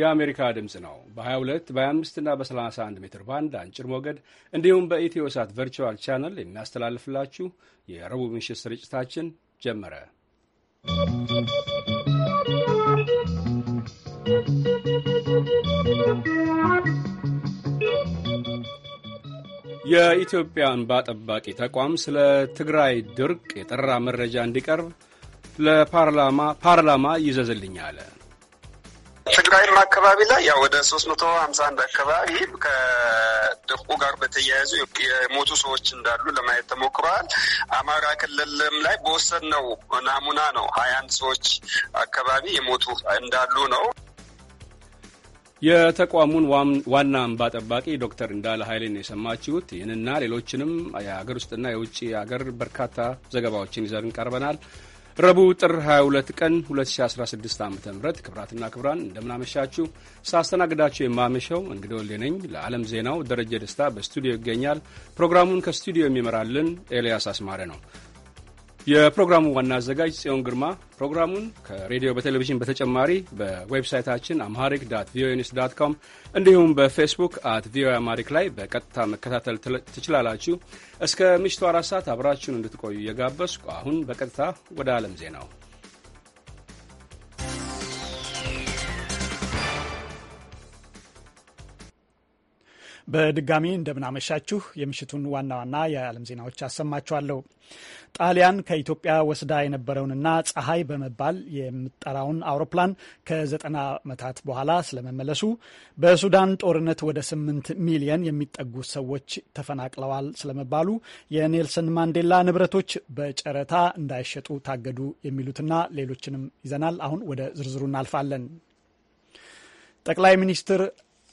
የአሜሪካ ድምፅ ነው። በ22 በ25 እና በ31 ሜትር ባንድ አንጭር ሞገድ እንዲሁም በኢትዮ ሳት ቨርቹዋል ቻነል የሚያስተላልፍላችሁ የረቡዕ ምሽት ስርጭታችን ጀመረ። የኢትዮጵያ እንባ ጠባቂ ተቋም ስለ ትግራይ ድርቅ የጠራ መረጃ እንዲቀርብ ለፓርላማ ፓርላማ አለ። ችግራይም አካባቢ ላይ ያው ወደ ሶስት መቶ ሀምሳ አንድ አካባቢ ከደቁ ጋር በተያያዙ የሞቱ ሰዎች እንዳሉ ለማየት ተሞክረዋል። አማራ ክልልም ላይ ነው ናሙና ነው ሀያ አንድ ሰዎች አካባቢ የሞቱ እንዳሉ ነው። የተቋሙን ዋና እንባ ጠባቂ ዶክተር እንዳለ ኃይሌን የሰማችሁት። ይህንና ሌሎችንም የሀገር ውስጥና የውጭ ሀገር በርካታ ዘገባዎችን ይዘን ቀርበናል። ረቡዕ ጥር 22 ቀን 2016 ዓ ም ክብራትና ክብራን እንደምናመሻችሁ ሳስተናግዳችሁ የማመሸው እንግዲህ ወልዴ ነኝ። ለዓለም ዜናው ደረጀ ደስታ በስቱዲዮ ይገኛል። ፕሮግራሙን ከስቱዲዮ የሚመራልን ኤልያስ አስማረ ነው። የፕሮግራሙ ዋና አዘጋጅ ጽዮን ግርማ። ፕሮግራሙን ከሬዲዮ በቴሌቪዥን በተጨማሪ በዌብሳይታችን አምሃሪክ ዳት ቪኦኤ ኒውስ ዳት ኮም እንዲሁም በፌስቡክ አት ቪኦኤ አማሪክ ላይ በቀጥታ መከታተል ትችላላችሁ። እስከ ምሽቱ አራት ሰዓት አብራችሁን እንድትቆዩ እየጋበዝኩ አሁን በቀጥታ ወደ ዓለም ዜናው በድጋሚ እንደምናመሻችሁ የምሽቱን ዋና ዋና የዓለም ዜናዎች አሰማችኋለሁ። ጣሊያን ከኢትዮጵያ ወስዳ የነበረውንና ፀሐይ በመባል የምጠራውን አውሮፕላን ከዘጠና ዓመታት በኋላ ስለመመለሱ፣ በሱዳን ጦርነት ወደ ስምንት ሚሊየን የሚጠጉ ሰዎች ተፈናቅለዋል ስለመባሉ፣ የኔልሰን ማንዴላ ንብረቶች በጨረታ እንዳይሸጡ ታገዱ የሚሉትና ሌሎችንም ይዘናል። አሁን ወደ ዝርዝሩ እናልፋለን። ጠቅላይ ሚኒስትር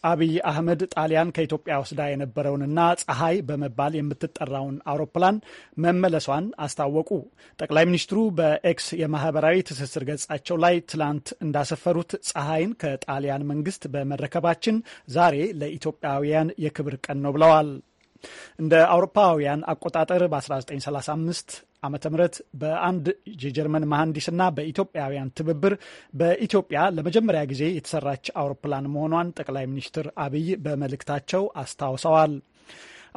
አብይ አህመድ ጣሊያን ከኢትዮጵያ ወስዳ የነበረውንና ፀሐይ በመባል የምትጠራውን አውሮፕላን መመለሷን አስታወቁ። ጠቅላይ ሚኒስትሩ በኤክስ የማህበራዊ ትስስር ገጻቸው ላይ ትላንት እንዳሰፈሩት ፀሐይን ከጣሊያን መንግስት በመረከባችን ዛሬ ለኢትዮጵያውያን የክብር ቀን ነው ብለዋል። እንደ አውሮፓውያን አቆጣጠር በ1935 ዓ.ም በአንድ የጀርመን መሐንዲስና በኢትዮጵያውያን ትብብር በኢትዮጵያ ለመጀመሪያ ጊዜ የተሰራች አውሮፕላን መሆኗን ጠቅላይ ሚኒስትር አብይ በመልእክታቸው አስታውሰዋል።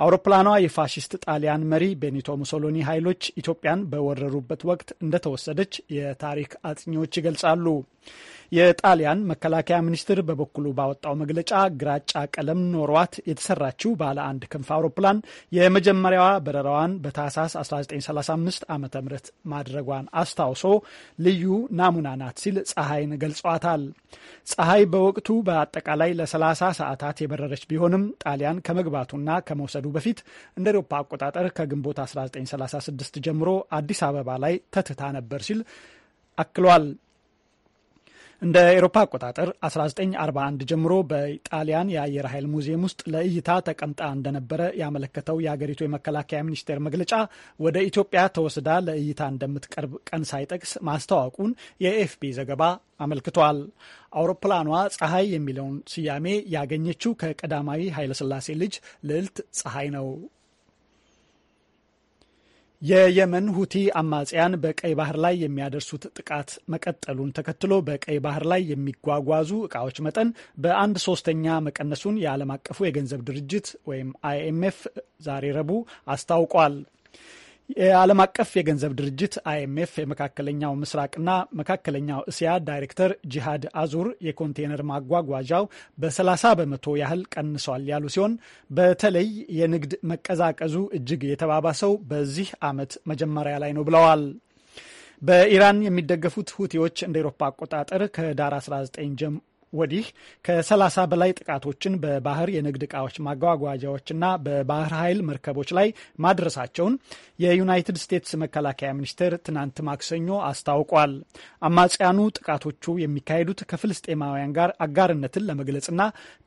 አውሮፕላኗ የፋሽስት ጣሊያን መሪ ቤኒቶ ሙሶሎኒ ኃይሎች ኢትዮጵያን በወረሩበት ወቅት እንደተወሰደች የታሪክ አጥኚዎች ይገልጻሉ። የጣሊያን መከላከያ ሚኒስትር በበኩሉ ባወጣው መግለጫ ግራጫ ቀለም ኖሯት የተሰራችው ባለ አንድ ክንፍ አውሮፕላን የመጀመሪያዋ በረራዋን በታህሳስ 1935 ዓ ም ማድረጓን አስታውሶ ልዩ ናሙና ናት ሲል ፀሐይን ገልጿታል። ፀሐይ በወቅቱ በአጠቃላይ ለ30 ሰዓታት የበረረች ቢሆንም ጣሊያን ከመግባቱና ከመውሰዱ ከመወሰዱ በፊት እንደ አውሮፓ አቆጣጠር ከግንቦት 1936 ጀምሮ አዲስ አበባ ላይ ተትታ ነበር ሲል አክሏል። እንደ ኤሮፓ አቆጣጠር 1941 ጀምሮ በጣሊያን የአየር ኃይል ሙዚየም ውስጥ ለእይታ ተቀምጣ እንደነበረ ያመለከተው የአገሪቱ የመከላከያ ሚኒስቴር መግለጫ ወደ ኢትዮጵያ ተወስዳ ለእይታ እንደምትቀርብ ቀን ሳይጠቅስ ማስታወቁን የኤፍፒ ዘገባ አመልክቷል። አውሮፕላኗ ፀሐይ የሚለውን ስያሜ ያገኘችው ከቀዳማዊ ኃይለሥላሴ ልጅ ልዕልት ፀሐይ ነው። የየመን ሁቲ አማጽያን በቀይ ባህር ላይ የሚያደርሱት ጥቃት መቀጠሉን ተከትሎ በቀይ ባህር ላይ የሚጓጓዙ እቃዎች መጠን በአንድ ሶስተኛ መቀነሱን የዓለም አቀፉ የገንዘብ ድርጅት ወይም አይኤምኤፍ ዛሬ ረቡዕ አስታውቋል። የዓለም አቀፍ የገንዘብ ድርጅት አይኤምኤፍ የመካከለኛው ምስራቅና መካከለኛው እስያ ዳይሬክተር ጂሃድ አዙር የኮንቴነር ማጓጓዣው በ30 በመቶ ያህል ቀንሷል ያሉ ሲሆን በተለይ የንግድ መቀዛቀዙ እጅግ የተባባሰው በዚህ ዓመት መጀመሪያ ላይ ነው ብለዋል። በኢራን የሚደገፉት ሁቲዎች እንደ ኤሮፓ አቆጣጠር ከዳር 19 ወዲህ ከ30 በላይ ጥቃቶችን በባህር የንግድ ዕቃዎች ማጓጓዣዎችና በባህር ኃይል መርከቦች ላይ ማድረሳቸውን የዩናይትድ ስቴትስ መከላከያ ሚኒስቴር ትናንት ማክሰኞ አስታውቋል። አማጽያኑ ጥቃቶቹ የሚካሄዱት ከፍልስጤማውያን ጋር አጋርነትን ለመግለጽና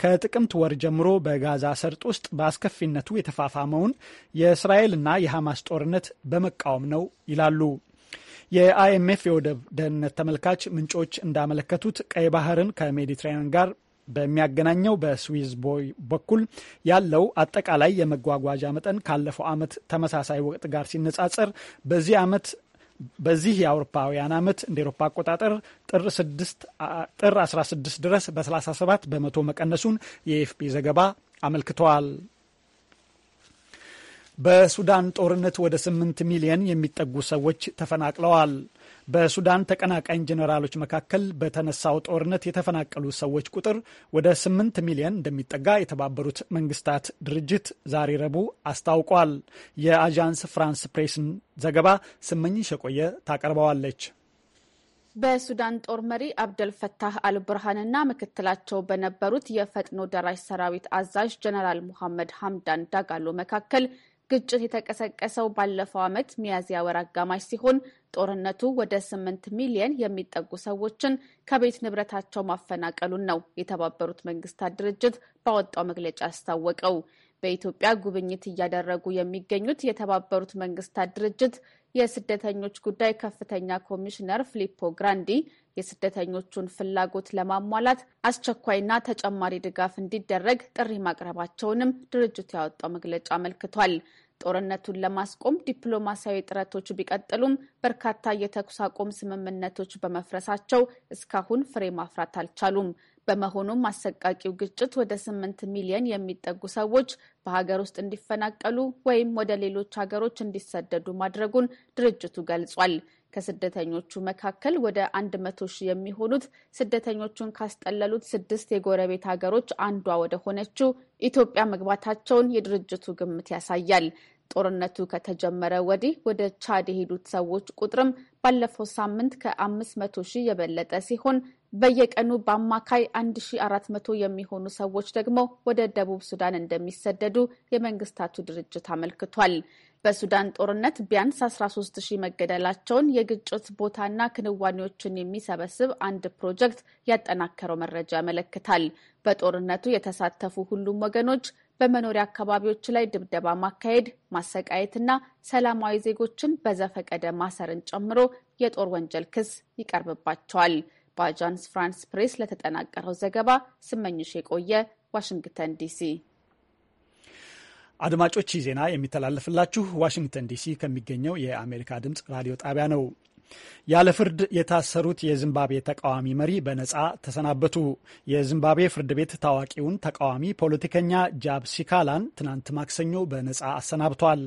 ከጥቅምት ወር ጀምሮ በጋዛ ሰርጥ ውስጥ በአስከፊነቱ የተፋፋመውን የእስራኤልና የሐማስ ጦርነት በመቃወም ነው ይላሉ። የአይኤምኤፍ የወደብ ደህንነት ተመልካች ምንጮች እንዳመለከቱት ቀይ ባህርን ከሜዲትራኒያን ጋር በሚያገናኘው በስዊዝ ቦይ በኩል ያለው አጠቃላይ የመጓጓዣ መጠን ካለፈው ዓመት ተመሳሳይ ወቅት ጋር ሲነጻጸር በዚህ ዓመት በዚህ የአውሮፓውያን ዓመት እንደ ኤሮፓ አቆጣጠር ጥር 16 ድረስ በ37 በመቶ መቀነሱን የኤፍፒ ዘገባ አመልክተዋል። በሱዳን ጦርነት ወደ 8 ሚሊየን የሚጠጉ ሰዎች ተፈናቅለዋል። በሱዳን ተቀናቃኝ ጀነራሎች መካከል በተነሳው ጦርነት የተፈናቀሉ ሰዎች ቁጥር ወደ 8 ሚሊየን እንደሚጠጋ የተባበሩት መንግስታት ድርጅት ዛሬ ረቡዕ አስታውቋል። የአዣንስ ፍራንስ ፕሬስን ዘገባ ስመኝሽ የቆየ ታቀርበዋለች። በሱዳን ጦር መሪ አብደልፈታህ አልብርሃንና ምክትላቸው በነበሩት የፈጥኖ ደራሽ ሰራዊት አዛዥ ጀነራል ሙሐመድ ሀምዳን ዳጋሎ መካከል ግጭት የተቀሰቀሰው ባለፈው ዓመት ሚያዝያ ወር አጋማሽ ሲሆን ጦርነቱ ወደ ስምንት ሚሊየን የሚጠጉ ሰዎችን ከቤት ንብረታቸው ማፈናቀሉን ነው የተባበሩት መንግስታት ድርጅት ባወጣው መግለጫ ያስታወቀው። በኢትዮጵያ ጉብኝት እያደረጉ የሚገኙት የተባበሩት መንግስታት ድርጅት የስደተኞች ጉዳይ ከፍተኛ ኮሚሽነር ፊሊፖ ግራንዲ የስደተኞቹን ፍላጎት ለማሟላት አስቸኳይና ተጨማሪ ድጋፍ እንዲደረግ ጥሪ ማቅረባቸውንም ድርጅቱ ያወጣው መግለጫ አመልክቷል። ጦርነቱን ለማስቆም ዲፕሎማሲያዊ ጥረቶች ቢቀጥሉም በርካታ የተኩስ አቁም ስምምነቶች በመፍረሳቸው እስካሁን ፍሬ ማፍራት አልቻሉም። በመሆኑም አሰቃቂው ግጭት ወደ ስምንት ሚሊዮን የሚጠጉ ሰዎች በሀገር ውስጥ እንዲፈናቀሉ ወይም ወደ ሌሎች ሀገሮች እንዲሰደዱ ማድረጉን ድርጅቱ ገልጿል። ከስደተኞቹ መካከል ወደ አንድ መቶ ሺህ የሚሆኑት ስደተኞቹን ካስጠለሉት ስድስት የጎረቤት ሀገሮች አንዷ ወደ ሆነችው ኢትዮጵያ መግባታቸውን የድርጅቱ ግምት ያሳያል። ጦርነቱ ከተጀመረ ወዲህ ወደ ቻድ የሄዱት ሰዎች ቁጥርም ባለፈው ሳምንት ከአምስት መቶ ሺህ የበለጠ ሲሆን በየቀኑ በአማካይ 1400 የሚሆኑ ሰዎች ደግሞ ወደ ደቡብ ሱዳን እንደሚሰደዱ የመንግስታቱ ድርጅት አመልክቷል። በሱዳን ጦርነት ቢያንስ 13 ሺህ መገደላቸውን የግጭት ቦታና ክንዋኔዎችን የሚሰበስብ አንድ ፕሮጀክት ያጠናከረው መረጃ ያመለክታል። በጦርነቱ የተሳተፉ ሁሉም ወገኖች በመኖሪያ አካባቢዎች ላይ ድብደባ ማካሄድ፣ ማሰቃየትና ሰላማዊ ዜጎችን በዘፈቀደ ማሰርን ጨምሮ የጦር ወንጀል ክስ ይቀርብባቸዋል። በአጃንስ ፍራንስ ፕሬስ ለተጠናቀረው ዘገባ ስመኝሽ የቆየ ዋሽንግተን ዲሲ። አድማጮች ዜና የሚተላለፍላችሁ ዋሽንግተን ዲሲ ከሚገኘው የአሜሪካ ድምፅ ራዲዮ ጣቢያ ነው። ያለ ፍርድ የታሰሩት የዚምባብዌ ተቃዋሚ መሪ በነጻ ተሰናበቱ። የዚምባብዌ ፍርድ ቤት ታዋቂውን ተቃዋሚ ፖለቲከኛ ጃብ ሲካላን ትናንት ማክሰኞ በነጻ አሰናብቷል።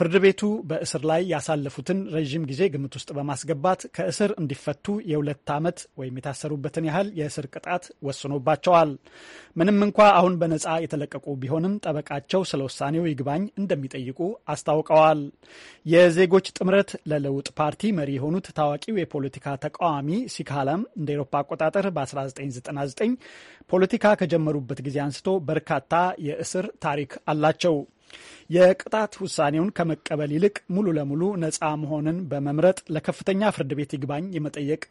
ፍርድ ቤቱ በእስር ላይ ያሳለፉትን ረዥም ጊዜ ግምት ውስጥ በማስገባት ከእስር እንዲፈቱ የሁለት ዓመት ወይም የታሰሩበትን ያህል የእስር ቅጣት ወስኖባቸዋል። ምንም እንኳ አሁን በነጻ የተለቀቁ ቢሆንም ጠበቃቸው ስለ ውሳኔው ይግባኝ እንደሚጠይቁ አስታውቀዋል። የዜጎች ጥምረት ለለውጥ ፓርቲ መሪ የሆኑት ታዋቂው የፖለቲካ ተቃዋሚ ሲካለም እንደ ኤሮፓ አቆጣጠር በ1999 ፖለቲካ ከጀመሩበት ጊዜ አንስቶ በርካታ የእስር ታሪክ አላቸው። የቅጣት ውሳኔውን ከመቀበል ይልቅ ሙሉ ለሙሉ ነፃ መሆንን በመምረጥ ለከፍተኛ ፍርድ ቤት ይግባኝ የመጠየቅ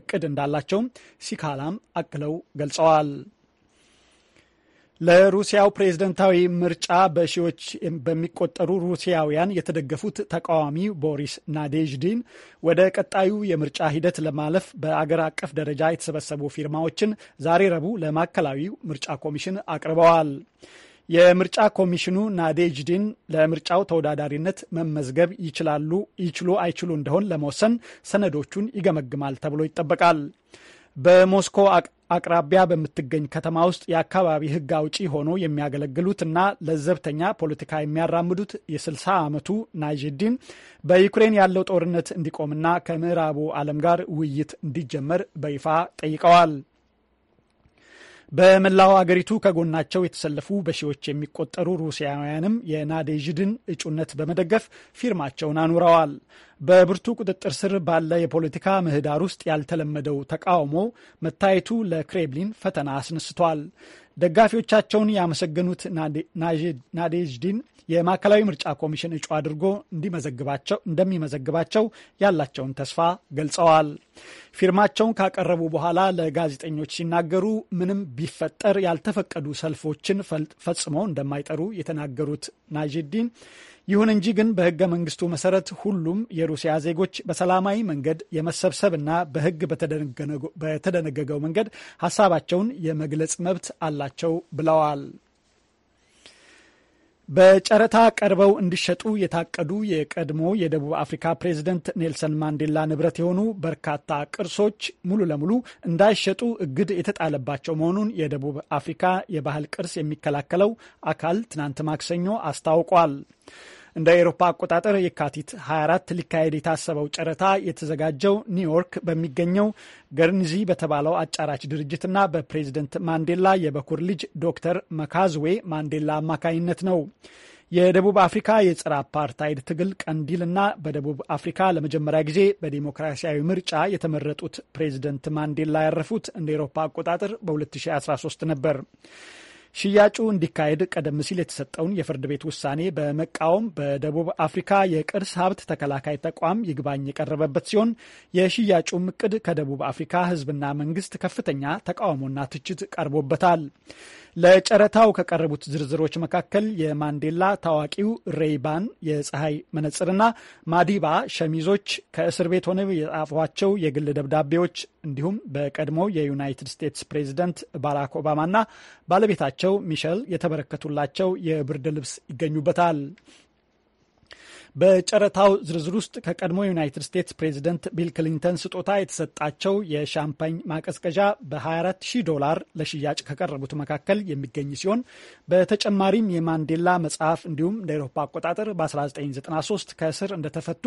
እቅድ እንዳላቸውም ሲካላም አክለው ገልጸዋል። ለሩሲያው ፕሬዝደንታዊ ምርጫ በሺዎች በሚቆጠሩ ሩሲያውያን የተደገፉት ተቃዋሚ ቦሪስ ናዴዥዲን ወደ ቀጣዩ የምርጫ ሂደት ለማለፍ በአገር አቀፍ ደረጃ የተሰበሰቡ ፊርማዎችን ዛሬ ረቡዕ ለማዕከላዊው ምርጫ ኮሚሽን አቅርበዋል። የምርጫ ኮሚሽኑ ናዴጅዲን ለምርጫው ተወዳዳሪነት መመዝገብ ይችላሉ ይችሉ አይችሉ እንደሆን ለመወሰን ሰነዶቹን ይገመግማል ተብሎ ይጠበቃል። በሞስኮ አቅራቢያ በምትገኝ ከተማ ውስጥ የአካባቢ ሕግ አውጪ ሆኖ የሚያገለግሉት እና ለዘብተኛ ፖለቲካ የሚያራምዱት የ60 ዓመቱ ናይጄዲን በዩክሬን ያለው ጦርነት እንዲቆምና ከምዕራቡ ዓለም ጋር ውይይት እንዲጀመር በይፋ ጠይቀዋል። በመላው አገሪቱ ከጎናቸው የተሰለፉ በሺዎች የሚቆጠሩ ሩሲያውያንም የናዴዥድን እጩነት በመደገፍ ፊርማቸውን አኑረዋል። በብርቱ ቁጥጥር ስር ባለ የፖለቲካ ምህዳር ውስጥ ያልተለመደው ተቃውሞ መታየቱ ለክሬምሊን ፈተና አስነስቷል። ደጋፊዎቻቸውን ያመሰገኑት ናዴጅዲን የማዕከላዊ ምርጫ ኮሚሽን እጩ አድርጎ እንደሚመዘግባቸው ያላቸውን ተስፋ ገልጸዋል። ፊርማቸውን ካቀረቡ በኋላ ለጋዜጠኞች ሲናገሩ ምንም ቢፈጠር ያልተፈቀዱ ሰልፎችን ፈጽሞ እንደማይጠሩ የተናገሩት ናጅዲን። ይሁን እንጂ ግን በህገ መንግስቱ መሰረት ሁሉም የሩሲያ ዜጎች በሰላማዊ መንገድ የመሰብሰብና በህግ በተደነገገው መንገድ ሀሳባቸውን የመግለጽ መብት አላቸው ብለዋል። በጨረታ ቀርበው እንዲሸጡ የታቀዱ የቀድሞ የደቡብ አፍሪካ ፕሬዝደንት ኔልሰን ማንዴላ ንብረት የሆኑ በርካታ ቅርሶች ሙሉ ለሙሉ እንዳይሸጡ እግድ የተጣለባቸው መሆኑን የደቡብ አፍሪካ የባህል ቅርስ የሚከላከለው አካል ትናንት ማክሰኞ አስታውቋል። እንደ አውሮፓ አቆጣጠር የካቲት 24 ሊካሄድ የታሰበው ጨረታ የተዘጋጀው ኒውዮርክ በሚገኘው ገርንዚ በተባለው አጫራች ድርጅትና በፕሬዝደንት ማንዴላ የበኩር ልጅ ዶክተር መካዝዌ ማንዴላ አማካኝነት ነው። የደቡብ አፍሪካ የጸረ አፓርታይድ ትግል ቀንዲል እና በደቡብ አፍሪካ ለመጀመሪያ ጊዜ በዲሞክራሲያዊ ምርጫ የተመረጡት ፕሬዝደንት ማንዴላ ያረፉት እንደ ኤሮፓ አቆጣጠር በ2013 ነበር። ሽያጩ እንዲካሄድ ቀደም ሲል የተሰጠውን የፍርድ ቤት ውሳኔ በመቃወም በደቡብ አፍሪካ የቅርስ ሀብት ተከላካይ ተቋም ይግባኝ የቀረበበት ሲሆን የሽያጩም እቅድ ከደቡብ አፍሪካ ሕዝብና መንግስት ከፍተኛ ተቃውሞና ትችት ቀርቦበታል። ለጨረታው ከቀረቡት ዝርዝሮች መካከል የማንዴላ ታዋቂው ሬይባን የፀሐይ መነጽርና ማዲባ ሸሚዞች፣ ከእስር ቤት ሆነው የጻፏቸው የግል ደብዳቤዎች እንዲሁም በቀድሞ የዩናይትድ ስቴትስ ፕሬዚደንት ባራክ ኦባማና ባለቤታቸው ሚሸል የተበረከቱላቸው የብርድ ልብስ ይገኙበታል። በጨረታው ዝርዝር ውስጥ ከቀድሞ ዩናይትድ ስቴትስ ፕሬዚደንት ቢል ክሊንተን ስጦታ የተሰጣቸው የሻምፓኝ ማቀዝቀዣ በ24000 ዶላር ለሽያጭ ከቀረቡት መካከል የሚገኝ ሲሆን በተጨማሪም የማንዴላ መጽሐፍ እንዲሁም እንደ ኤሮፓ አቆጣጠር በ1993 ከእስር እንደተፈቱ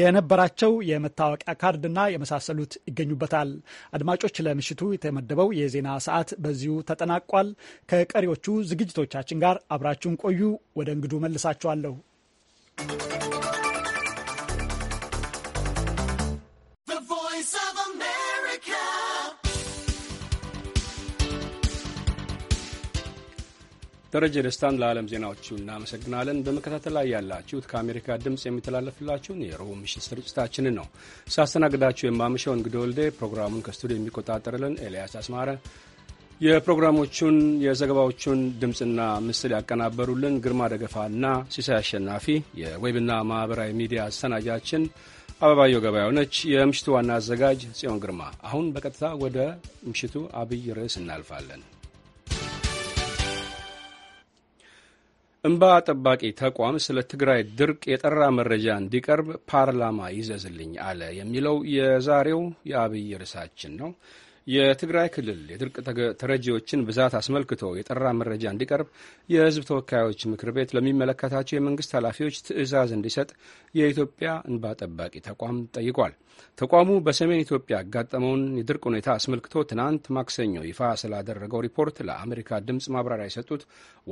የነበራቸው የመታወቂያ ካርድና የመሳሰሉት ይገኙበታል። አድማጮች፣ ለምሽቱ የተመደበው የዜና ሰዓት በዚሁ ተጠናቋል። ከቀሪዎቹ ዝግጅቶቻችን ጋር አብራችሁን ቆዩ። ወደ እንግዱ መልሳችኋለሁ። ደረጀ ደስታን ለዓለም ዜናዎቹ እናመሰግናለን። በመከታተል ላይ ያላችሁት ከአሜሪካ ድምፅ የሚተላለፍላችሁን የሮብ ምሽት ስርጭታችንን ነው። ሳስተናግዳችሁ የማምሸው እንግዲህ ወልዴ፣ ፕሮግራሙን ከስቱዲዮ የሚቆጣጠርልን ኤልያስ አስማረ፣ የፕሮግራሞቹን የዘገባዎቹን ድምፅና ምስል ያቀናበሩልን ግርማ ደገፋና ሲሳይ አሸናፊ፣ የዌብና ማኅበራዊ ሚዲያ አሰናጃችን አበባየው ገበያው ነች። የምሽቱ ዋና አዘጋጅ ጽዮን ግርማ። አሁን በቀጥታ ወደ ምሽቱ አብይ ርዕስ እናልፋለን። እንባ ጠባቂ ተቋም ስለ ትግራይ ድርቅ የጠራ መረጃ እንዲቀርብ ፓርላማ ይዘዝልኝ አለ የሚለው የዛሬው የአብይ ርዕሳችን ነው። የትግራይ ክልል የድርቅ ተረጂዎችን ብዛት አስመልክቶ የጠራ መረጃ እንዲቀርብ የሕዝብ ተወካዮች ምክር ቤት ለሚመለከታቸው የመንግስት ኃላፊዎች ትዕዛዝ እንዲሰጥ የኢትዮጵያ እንባ ጠባቂ ተቋም ጠይቋል። ተቋሙ በሰሜን ኢትዮጵያ ያጋጠመውን የድርቅ ሁኔታ አስመልክቶ ትናንት ማክሰኞ ይፋ ስላደረገው ሪፖርት ለአሜሪካ ድምፅ ማብራሪያ የሰጡት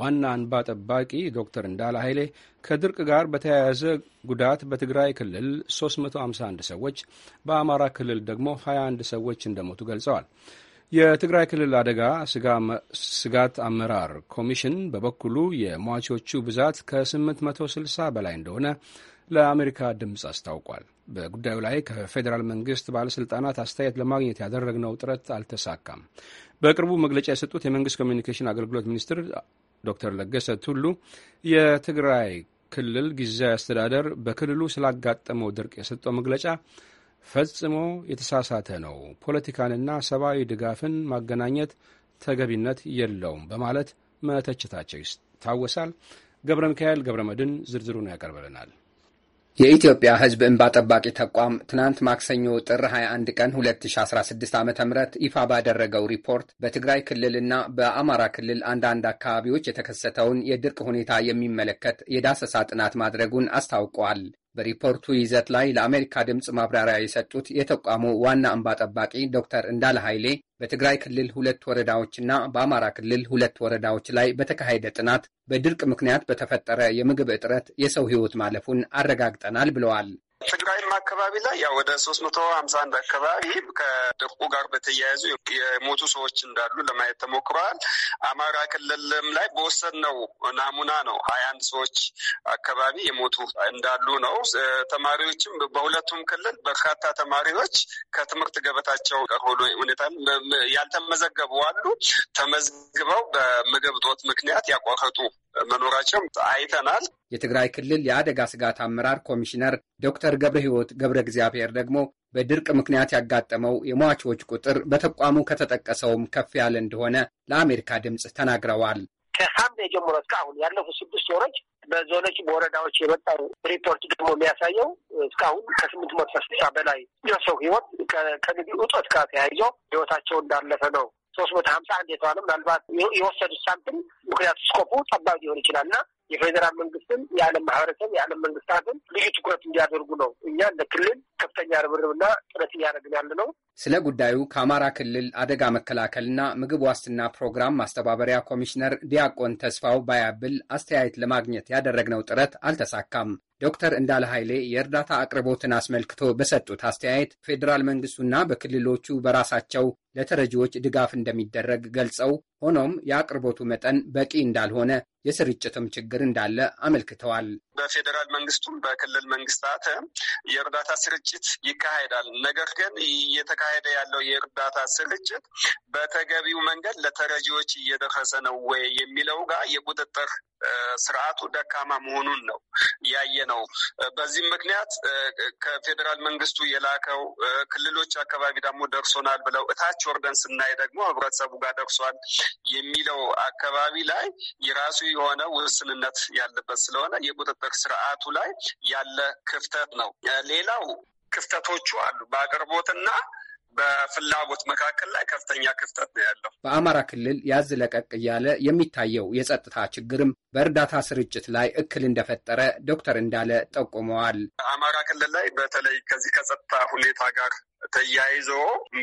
ዋና እንባ ጠባቂ ዶክተር እንዳለ ኃይሌ ከድርቅ ጋር በተያያዘ ጉዳት በትግራይ ክልል 351 ሰዎች፣ በአማራ ክልል ደግሞ 21 ሰዎች እንደሞቱ ገልጸዋል። የትግራይ ክልል አደጋ ስጋት አመራር ኮሚሽን በበኩሉ የሟቾቹ ብዛት ከ860 በላይ እንደሆነ ለአሜሪካ ድምፅ አስታውቋል። በጉዳዩ ላይ ከፌዴራል መንግስት ባለሥልጣናት አስተያየት ለማግኘት ያደረግነው ጥረት አልተሳካም። በቅርቡ መግለጫ የሰጡት የመንግስት ኮሚኒኬሽን አገልግሎት ሚኒስትር ዶክተር ለገሰ ቱሉ የትግራይ ክልል ጊዜያዊ አስተዳደር በክልሉ ስላጋጠመው ድርቅ የሰጠው መግለጫ ፈጽሞ የተሳሳተ ነው፣ ፖለቲካንና ሰብአዊ ድጋፍን ማገናኘት ተገቢነት የለውም በማለት መተችታቸው ይታወሳል። ገብረ ሚካኤል ገብረ መድን ዝርዝሩን ያቀርብልናል። የኢትዮጵያ ሕዝብ እንባ ጠባቂ ተቋም ትናንት ማክሰኞ ጥር 21 ቀን 2016 ዓ ም ይፋ ባደረገው ሪፖርት በትግራይ ክልልና በአማራ ክልል አንዳንድ አካባቢዎች የተከሰተውን የድርቅ ሁኔታ የሚመለከት የዳሰሳ ጥናት ማድረጉን አስታውቋል። በሪፖርቱ ይዘት ላይ ለአሜሪካ ድምፅ ማብራሪያ የሰጡት የተቋሙ ዋና እንባ ጠባቂ ዶክተር እንዳለ ኃይሌ በትግራይ ክልል ሁለት ወረዳዎችና በአማራ ክልል ሁለት ወረዳዎች ላይ በተካሄደ ጥናት በድርቅ ምክንያት በተፈጠረ የምግብ እጥረት የሰው ሕይወት ማለፉን አረጋግጠናል ብለዋል። ትግራይም አካባቢ ላይ ያው ወደ ሶስት መቶ ሀምሳ አንድ አካባቢ ከድርቁ ጋር በተያያዙ የሞቱ ሰዎች እንዳሉ ለማየት ተሞክረዋል። አማራ ክልልም ላይ ነው ናሙና ነው ሀያ አንድ ሰዎች አካባቢ የሞቱ እንዳሉ ነው። ተማሪዎችም በሁለቱም ክልል በርካታ ተማሪዎች ከትምህርት ገበታቸው ሆኖ ሁኔታ ያልተመዘገቡ አሉ። ተመዝግበው በምግብ እጦት ምክንያት ያቋረጡ መኖራቸውም አይተናል። የትግራይ ክልል የአደጋ ስጋት አመራር ኮሚሽነር ዶክተር ገብረ ህይወት ገብረ እግዚአብሔር ደግሞ በድርቅ ምክንያት ያጋጠመው የሟቾች ቁጥር በተቋሙ ከተጠቀሰውም ከፍ ያለ እንደሆነ ለአሜሪካ ድምፅ ተናግረዋል። ከሐምሌ ጀምሮ አሁን ያለፉት ስድስት ወሮች በዞኖች በወረዳዎች የመጣው ሪፖርት ደግሞ የሚያሳየው እስካሁን ከስምንት መቶ ስልሳ በላይ የሰው ህይወት ከምግብ እጦት ጋር ተያይዞ ህይወታቸው እንዳለፈ ነው ሶስት መቶ ሀምሳ አንድ የተባለ ምናልባት የወሰዱ ሳምፕል ምክንያቱ ስኮፑ ጠባብ ሊሆን ይችላል እና የፌዴራል መንግስትም የዓለም ማህበረሰብ የዓለም መንግስታትም ልዩ ትኩረት እንዲያደርጉ ነው እኛ እንደ ክልል ከፍተኛ ርብርብና ጥረት እያደረግን ያለ ነው። ስለ ጉዳዩ ከአማራ ክልል አደጋ መከላከልና ምግብ ዋስትና ፕሮግራም ማስተባበሪያ ኮሚሽነር ዲያቆን ተስፋው ባያብል አስተያየት ለማግኘት ያደረግነው ጥረት አልተሳካም። ዶክተር እንዳለ ኃይሌ የእርዳታ አቅርቦትን አስመልክቶ በሰጡት አስተያየት ፌዴራል መንግስቱና በክልሎቹ በራሳቸው ለተረጂዎች ድጋፍ እንደሚደረግ ገልጸው ሆኖም የአቅርቦቱ መጠን በቂ እንዳልሆነ የስርጭትም ችግር እንዳለ አመልክተዋል። በፌዴራል መንግስቱም በክልል መንግስታት የእርዳታ ስርጭት ይካሄዳል። ነገር ግን እየተካሄደ ያለው የእርዳታ ስርጭት በተገቢው መንገድ ለተረጂዎች እየደረሰ ነው ወይ የሚለው ጋር የቁጥጥር ስርዓቱ ደካማ መሆኑን ነው ያየ ነው። በዚህም ምክንያት ከፌዴራል መንግስቱ የላከው ክልሎች አካባቢ ደግሞ ደርሶናል ብለው እታች ወርደን ስናይ ደግሞ ህብረተሰቡ ጋር ደርሷል የሚለው አካባቢ ላይ የራሱ የሆነ ውስንነት ያለበት ስለሆነ የቁጥጥር ስርዓቱ ላይ ያለ ክፍተት ነው። ሌላው ክፍተቶቹ አሉ በአቅርቦትና በፍላጎት መካከል ላይ ከፍተኛ ክፍተት ነው ያለው። በአማራ ክልል ያዝ ለቀቅ እያለ የሚታየው የጸጥታ ችግርም በእርዳታ ስርጭት ላይ እክል እንደፈጠረ ዶክተር እንዳለ ጠቁመዋል። አማራ ክልል ላይ በተለይ ከዚህ ከጸጥታ ሁኔታ ጋር ተያይዞ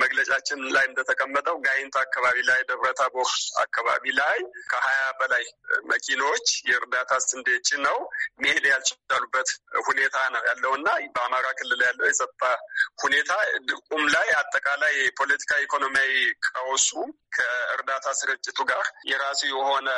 መግለጫችን ላይ እንደተቀመጠው ጋይንት አካባቢ ላይ ደብረታቦር አካባቢ ላይ ከሀያ በላይ መኪኖች የእርዳታ ስንዴ ጭነው መሄድ ያልቻሉበት ሁኔታ ነው ያለው እና በአማራ ክልል ያለው የጸጥታ ሁኔታ ድቁም ላይ አጠቃላይ የፖለቲካ ኢኮኖሚያዊ ቀውሱ ከእርዳታ ስርጭቱ ጋር የራሱ የሆነ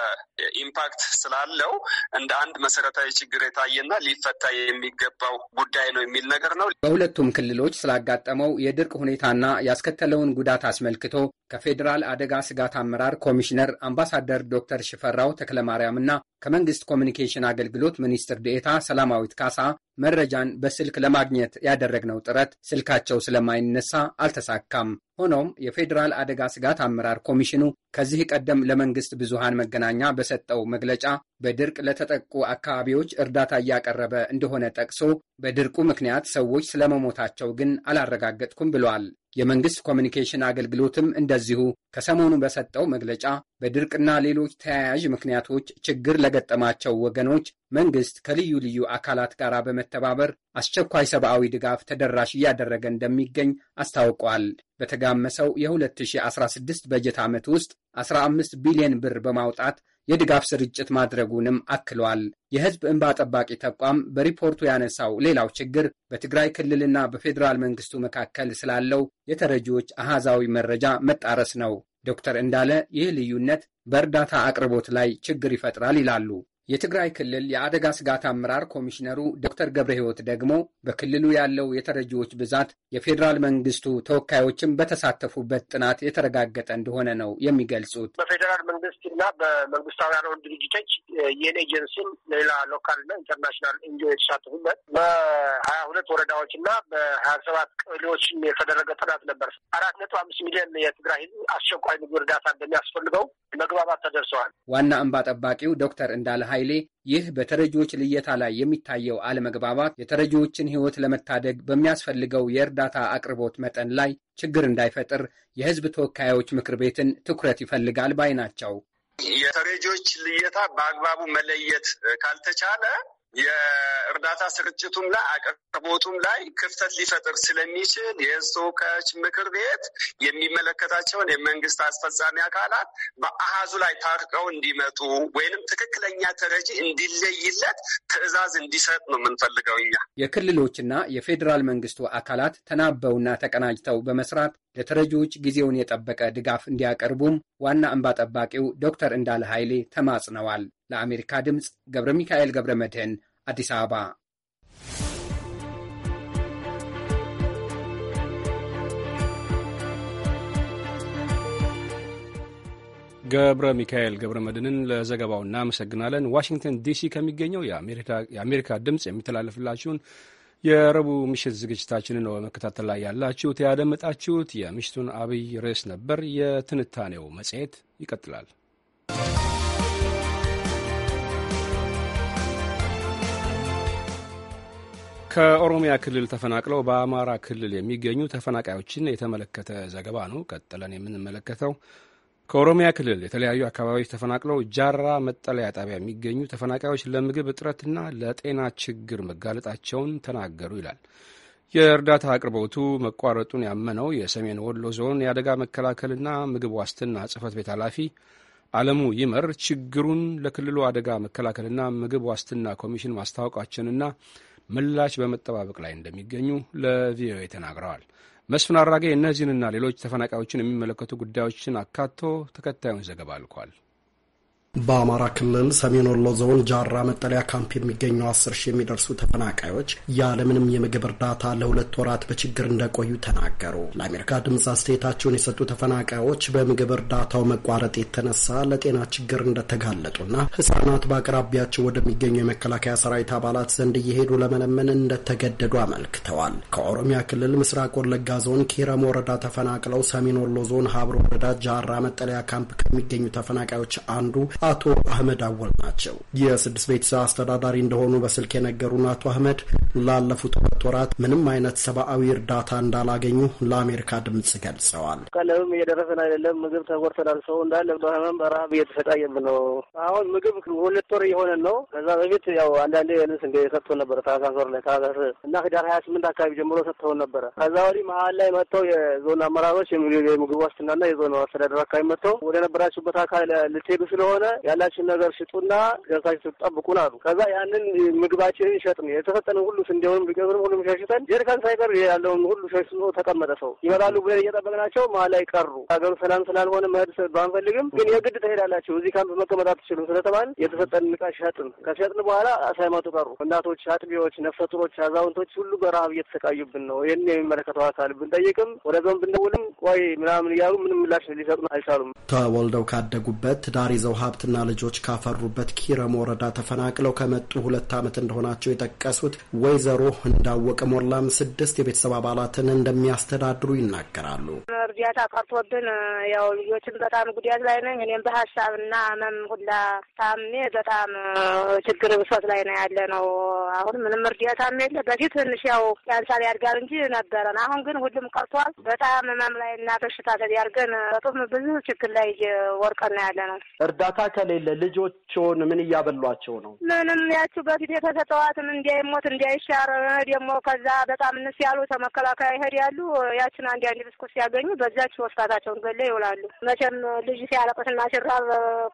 ኢምፓክት ስላለው እንደ አንድ መሰረታዊ ችግር የታየና ሊፈታ የሚገባው ጉዳይ ነው የሚል ነገር ነው። በሁለቱም ክልሎች ስላጋጠመው የ የድርቅ ሁኔታና ያስከተለውን ጉዳት አስመልክቶ ከፌዴራል አደጋ ስጋት አመራር ኮሚሽነር አምባሳደር ዶክተር ሽፈራው ተክለማርያምና ከመንግስት ኮሚኒኬሽን አገልግሎት ሚኒስትር ዴኤታ ሰላማዊት ካሳ መረጃን በስልክ ለማግኘት ያደረግነው ጥረት ስልካቸው ስለማይነሳ አልተሳካም። ሆኖም የፌዴራል አደጋ ስጋት አመራር ኮሚሽኑ ከዚህ ቀደም ለመንግስት ብዙሃን መገናኛ በሰጠው መግለጫ በድርቅ ለተጠቁ አካባቢዎች እርዳታ እያቀረበ እንደሆነ ጠቅሶ በድርቁ ምክንያት ሰዎች ስለመሞታቸው ግን አላረጋገጥኩም ብሏል። የመንግስት ኮሚኒኬሽን አገልግሎትም እንደዚሁ ከሰሞኑ በሰጠው መግለጫ በድርቅና ሌሎች ተያያዥ ምክንያቶች ችግር ለገጠማቸው ወገኖች መንግስት ከልዩ ልዩ አካላት ጋር በመተባበር አስቸኳይ ሰብአዊ ድጋፍ ተደራሽ እያደረገ እንደሚገኝ አስታውቋል። በተጋመሰው የ2016 በጀት ዓመት ውስጥ 15 ቢሊዮን ብር በማውጣት የድጋፍ ስርጭት ማድረጉንም አክሏል። የህዝብ እንባ ጠባቂ ተቋም በሪፖርቱ ያነሳው ሌላው ችግር በትግራይ ክልልና በፌዴራል መንግስቱ መካከል ስላለው የተረጂዎች አሃዛዊ መረጃ መጣረስ ነው። ዶክተር እንዳለ ይህ ልዩነት በእርዳታ አቅርቦት ላይ ችግር ይፈጥራል ይላሉ። የትግራይ ክልል የአደጋ ስጋት አመራር ኮሚሽነሩ ዶክተር ገብረ ሕይወት ደግሞ በክልሉ ያለው የተረጂዎች ብዛት የፌዴራል መንግስቱ ተወካዮችን በተሳተፉበት ጥናት የተረጋገጠ እንደሆነ ነው የሚገልጹት። በፌዴራል መንግስት እና በመንግስታዊ ያልሆኑ ድርጅቶች የኔ ኤጀንሲም ሌላ ሎካልና ኢንተርናሽናል ኤንጂኦ የተሳተፉበት በሀያ ሁለት ወረዳዎች እና በሀያ ሰባት ቀበሌዎችም የተደረገ ጥናት ነበር። አራት ነጥብ አምስት ሚሊዮን የትግራይ ህዝብ አስቸኳይ ምግብ እርዳታ እንደሚያስፈልገው መግባባት ተደርሰዋል። ዋና እንባ ጠባቂው ዶክተር እንዳለ ኃይሌ ይህ በተረጂዎች ልየታ ላይ የሚታየው አለመግባባት የተረጂዎችን ሕይወት ለመታደግ በሚያስፈልገው የእርዳታ አቅርቦት መጠን ላይ ችግር እንዳይፈጥር የሕዝብ ተወካዮች ምክር ቤትን ትኩረት ይፈልጋል ባይ ናቸው። የተረጂዎች ልየታ በአግባቡ መለየት ካልተቻለ የእርዳታ ስርጭቱም ላይ አቅርቦቱም ላይ ክፍተት ሊፈጥር ስለሚችል የሕዝብ ተወካዮች ምክር ቤት የሚመለከታቸውን የመንግስት አስፈጻሚ አካላት በአሃዙ ላይ ታርቀው እንዲመጡ ወይንም ትክክለኛ ተረጂ እንዲለይለት ትዕዛዝ እንዲሰጥ ነው የምንፈልገው። እኛ የክልሎችና የፌዴራል መንግስቱ አካላት ተናበውና ተቀናጅተው በመስራት ለተረጂዎች ጊዜውን የጠበቀ ድጋፍ እንዲያቀርቡም ዋና እንባ ጠባቂው ዶክተር እንዳለ ኃይሌ ተማጽነዋል። ለአሜሪካ ድምፅ ገብረ ሚካኤል ገብረ መድህን አዲስ አበባ። ገብረ ሚካኤል ገብረ መድንን ለዘገባው እናመሰግናለን። ዋሽንግተን ዲሲ ከሚገኘው የአሜሪካ ድምፅ የሚተላለፍላችሁን የረቡዕ ምሽት ዝግጅታችንን ነው በመከታተል ላይ ያላችሁት። ያደመጣችሁት የምሽቱን አብይ ርዕስ ነበር። የትንታኔው መጽሔት ይቀጥላል። ከኦሮሚያ ክልል ተፈናቅለው በአማራ ክልል የሚገኙ ተፈናቃዮችን የተመለከተ ዘገባ ነው። ቀጥለን የምንመለከተው ከኦሮሚያ ክልል የተለያዩ አካባቢዎች ተፈናቅለው ጃራ መጠለያ ጣቢያ የሚገኙ ተፈናቃዮች ለምግብ እጥረትና ለጤና ችግር መጋለጣቸውን ተናገሩ ይላል። የእርዳታ አቅርቦቱ መቋረጡን ያመነው የሰሜን ወሎ ዞን የአደጋ መከላከልና ምግብ ዋስትና ጽህፈት ቤት ኃላፊ አለሙ ይመር ችግሩን ለክልሉ አደጋ መከላከልና ምግብ ዋስትና ኮሚሽን ማስታወቃችንና ምላሽ በመጠባበቅ ላይ እንደሚገኙ ለቪኦኤ ተናግረዋል። መስፍን አራጌ እነዚህንና ሌሎች ተፈናቃዮችን የሚመለከቱ ጉዳዮችን አካቶ ተከታዩን ዘገባ ልኳል። በአማራ ክልል ሰሜን ወሎ ዞን ጃራ መጠለያ ካምፕ የሚገኙ አስር ሺህ የሚደርሱ ተፈናቃዮች ያለምንም የምግብ እርዳታ ለሁለት ወራት በችግር እንደቆዩ ተናገሩ። ለአሜሪካ ድምፅ አስተያየታቸውን የሰጡ ተፈናቃዮች በምግብ እርዳታው መቋረጥ የተነሳ ለጤና ችግር እንደተጋለጡና ሕጻናት በአቅራቢያቸው ወደሚገኙ የመከላከያ ሰራዊት አባላት ዘንድ እየሄዱ ለመለመን እንደተገደዱ አመልክተዋል። ከኦሮሚያ ክልል ምስራቅ ወለጋ ዞን ኪረም ወረዳ ተፈናቅለው ሰሜን ወሎ ዞን ሀብሮ ወረዳ ጃራ መጠለያ ካምፕ ከሚገኙ ተፈናቃዮች አንዱ አቶ አህመድ አወል ናቸው። የስድስት ቤተሰብ አስተዳዳሪ እንደሆኑ በስልክ የነገሩን አቶ አህመድ ላለፉት ሁለት ወራት ምንም አይነት ሰብአዊ እርዳታ እንዳላገኙ ለአሜሪካ ድምጽ ገልጸዋል። ቀለብም እየደረሰን አይደለም። ምግብ ተጎድተናል። ሰው እንዳለ በህመም በረሀብ እየተሰቃየም ነው። አሁን ምግብ ሁለት ወር እየሆነን ነው። ከዛ በፊት ያው አንዳንዴ ንስ እንደ ሰጥቶ ነበረ ታህሳስ ወር ላይ ታህሳስ እና ህዳር ሀያ ስምንት አካባቢ ጀምሮ ሰጥተውን ነበረ። ከዛ ወዲህ መሀል ላይ መጥተው የዞን አመራሮች የምግብ ዋስትናና የዞን አስተዳደር አካባቢ መጥተው ወደ ነበራችሁበት አካል ልትሄዱ ስለሆነ ያላችን ነገር ሽጡና ገብታችሁ ትጠብቁን አሉ። ከዛ ያንን ምግባችንን ይሸጥን የተሰጠንን ሁሉ ስንዴውንም ዱቄቱንም ሁሉም ሸሽተን ጀሪካን ሳይቀር ያለውን ሁሉ ሸሽቶ ተቀመጠ ሰው። ይመጣሉ ብለን እየጠበቅናቸው መሀል ላይ ቀሩ። ሀገሩ ሰላም ስላልሆነ መሄድ ባንፈልግም ግን የግድ ትሄዳላችሁ፣ እዚህ ካምፕ መቀመጥ አትችሉም ስለተባል የተሰጠንን እቃ ሸጥን። ከሸጥን በኋላ ሳይመጡ ቀሩ። እናቶች፣ አጥቢዎች፣ ነፍሰጡሮች፣ አዛውንቶች ሁሉ በረሀብ እየተሰቃዩብን ነው። ይህን የሚመለከተው አካል ብንጠይቅም ወደ ዞን ብንደውልም ቆይ ምናምን እያሉ ምንም ምላሽ ሊሰጡን አልቻሉም። ተወልደው ካደጉበት ትዳር ይዘው ሀብት እናትና ልጆች ካፈሩበት ኪረም ወረዳ ተፈናቅለው ከመጡ ሁለት ዓመት እንደሆናቸው የጠቀሱት ወይዘሮ እንዳወቀ ሞላም ስድስት የቤተሰብ አባላትን እንደሚያስተዳድሩ ይናገራሉ። እርዳታ ቀርቶብን ያው ልጆችን በጣም ጉዳት ላይ ነኝ። እኔም በሀሳብና መም ሁላ ታሜ በጣም ችግር ብሶት ላይ ነው ያለ ነው። አሁን ምንም እርዳታም የለ። በፊት ትንሽ ያው ያንሳል ያድጋል እንጂ ነበረን። አሁን ግን ሁሉም ቀርቷል። በጣም መም ላይ እና በሽታ ተዳርገን በጡም ብዙ ችግር ላይ ወርቀና ያለ ነው። እርዳታ ከሌለ ልጆችን ምን እያበሏቸው ነው? ምንም ያችሁ በፊት የተሰጠዋትን እንዳይሞት እንዳይሻር ደግሞ ከዛ በጣም እንስ ያሉ ተመከላከያ ይሄድ ያሉ ያችን አንድ አንድ ብስኩት ሲያገኙ በዛች ወስታታቸውን ገለ ይውላሉ። መቼም ልጅ ሲያለቅስና ሲራብ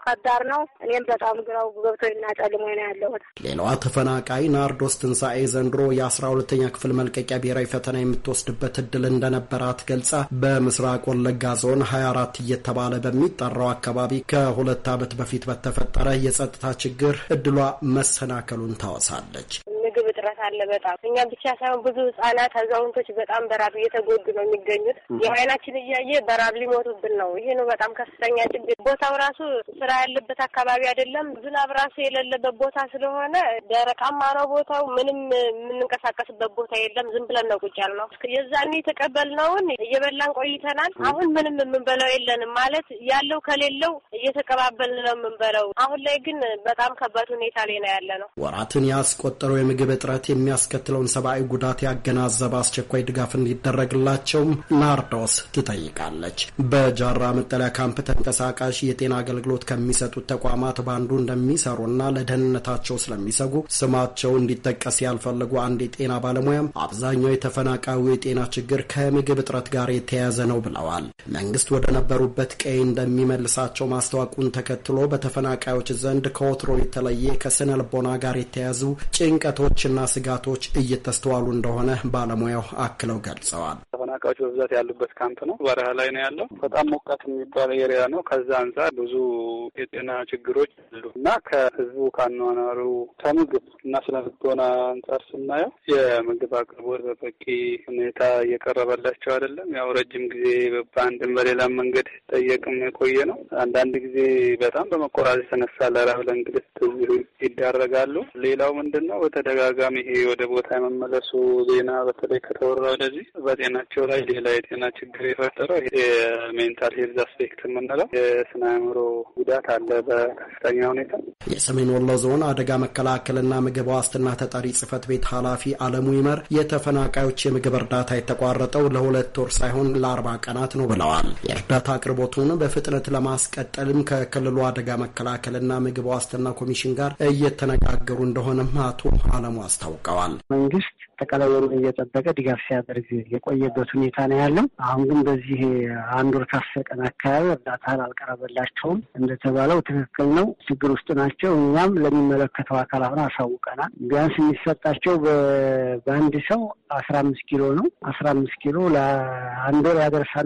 ከባድ ነው። እኔም በጣም ግራው ገብቶ ይናጨልሞ ነው ያለሁት። ሌላዋ ተፈናቃይ ናርዶስ ትንሣኤ ዘንድሮ የአስራ ሁለተኛ ክፍል መልቀቂያ ብሔራዊ ፈተና የምትወስድበት እድል እንደነበራት ገልጻ በምስራቅ ወለጋ ዞን ሀያ አራት እየተባለ በሚጠራው አካባቢ ከሁለት ዓመት በፊት በፊት በተፈጠረ የጸጥታ ችግር እድሏ መሰናከሉን ታወሳለች። የምግብ እጥረት አለ። በጣም እኛ ብቻ ሳይሆን ብዙ ህጻናት፣ አዛውንቶች በጣም በራብ እየተጎዱ ነው የሚገኙት። የአይናችን እያየ በራብ ሊሞቱብን ነው። ይሄ ነው በጣም ከፍተኛ ችግር። ቦታው ራሱ ስራ ያለበት አካባቢ አይደለም። ዝናብ ራሱ የሌለበት ቦታ ስለሆነ ደረቃማ ነው ቦታው። ምንም የምንንቀሳቀስበት ቦታ የለም። ዝም ብለን ነው ቁጭ ያልነው። የዛኔ የተቀበልነውን እየበላን ቆይተናል። አሁን ምንም የምንበላው የለንም ማለት ያለው ከሌለው እየተቀባበልን ነው የምንበላው። አሁን ላይ ግን በጣም ከባድ ሁኔታ ላይ ነው ያለ ነው። ወራትን ያስቆጠረው የምግብ የምግብ እጥረት የሚያስከትለውን ሰብአዊ ጉዳት ያገናዘበ አስቸኳይ ድጋፍ እንዲደረግላቸውም ናርዶስ ትጠይቃለች። በጃራ መጠለያ ካምፕ ተንቀሳቃሽ የጤና አገልግሎት ከሚሰጡት ተቋማት በአንዱ እንደሚሰሩና ለደህንነታቸው ስለሚሰጉ ስማቸው እንዲጠቀስ ያልፈለጉ አንድ የጤና ባለሙያም አብዛኛው የተፈናቃዩ የጤና ችግር ከምግብ እጥረት ጋር የተያያዘ ነው ብለዋል። መንግስት ወደ ነበሩበት ቀይ እንደሚመልሳቸው ማስታወቁን ተከትሎ በተፈናቃዮች ዘንድ ከወትሮ የተለየ ከስነ ልቦና ጋር የተያዙ ጭንቀቶች ችግሮችና ስጋቶች እየተስተዋሉ እንደሆነ ባለሙያው አክለው ገልጸዋል። ተፈናቃዮች በብዛት ያሉበት ካምፕ ነው። በረሃ ላይ ነው ያለው። በጣም ሞቃት የሚባል ኤሪያ ነው። ከዛ አንጻር ብዙ የጤና ችግሮች አሉ እና ከህዝቡ ከአኗኗሩ ከምግብ እና ስነ ልቦና አንጻር ስናየው የምግብ አቅርቦት በበቂ ሁኔታ እየቀረበላቸው አይደለም። ያው ረጅም ጊዜ በአንድም በሌላም መንገድ ጠየቅም የቆየ ነው። አንዳንድ ጊዜ በጣም በመቆራረጥ የተነሳ ለረሃብ ለእንግልት ይዳረጋሉ። ሌላው ምንድን ነው በተደጋ በተደጋጋሚ ይሄ ወደ ቦታ የመመለሱ ዜና በተለይ ከተወራ ወደዚህ በጤናቸው ላይ ሌላ የጤና ችግር የፈጠረው የሜንታል ሄልዝ አስፔክት የምንለው የስነ አእምሮ ጉዳት አለ በከፍተኛ ሁኔታ። የሰሜን ወሎ ዞን አደጋ መከላከልና ምግብ ዋስትና ተጠሪ ጽህፈት ቤት ኃላፊ አለሙ ይመር የተፈናቃዮች የምግብ እርዳታ የተቋረጠው ለሁለት ወር ሳይሆን ለአርባ ቀናት ነው ብለዋል። የእርዳታ አቅርቦቱን በፍጥነት ለማስቀጠልም ከክልሉ አደጋ መከላከልና ምግብ ዋስትና ኮሚሽን ጋር እየተነጋገሩ እንደሆነም አቶ አለ አለሙ አስታውቀዋል። መንግስት አጠቃላይ እየጠበቀ ድጋፍ ሲያደርግ የቆየበት ሁኔታ ነው ያለው። አሁን ግን በዚህ አንድ ወር ከአስር ቀን አካባቢ እርዳታ አልቀረበላቸውም። እንደተባለው ትክክል ነው፣ ችግር ውስጥ ናቸው። እኛም ለሚመለከተው አካል አሁን አሳውቀናል። ቢያንስ የሚሰጣቸው በአንድ ሰው አስራ አምስት ኪሎ ነው። አስራ አምስት ኪሎ ለአንድ ወር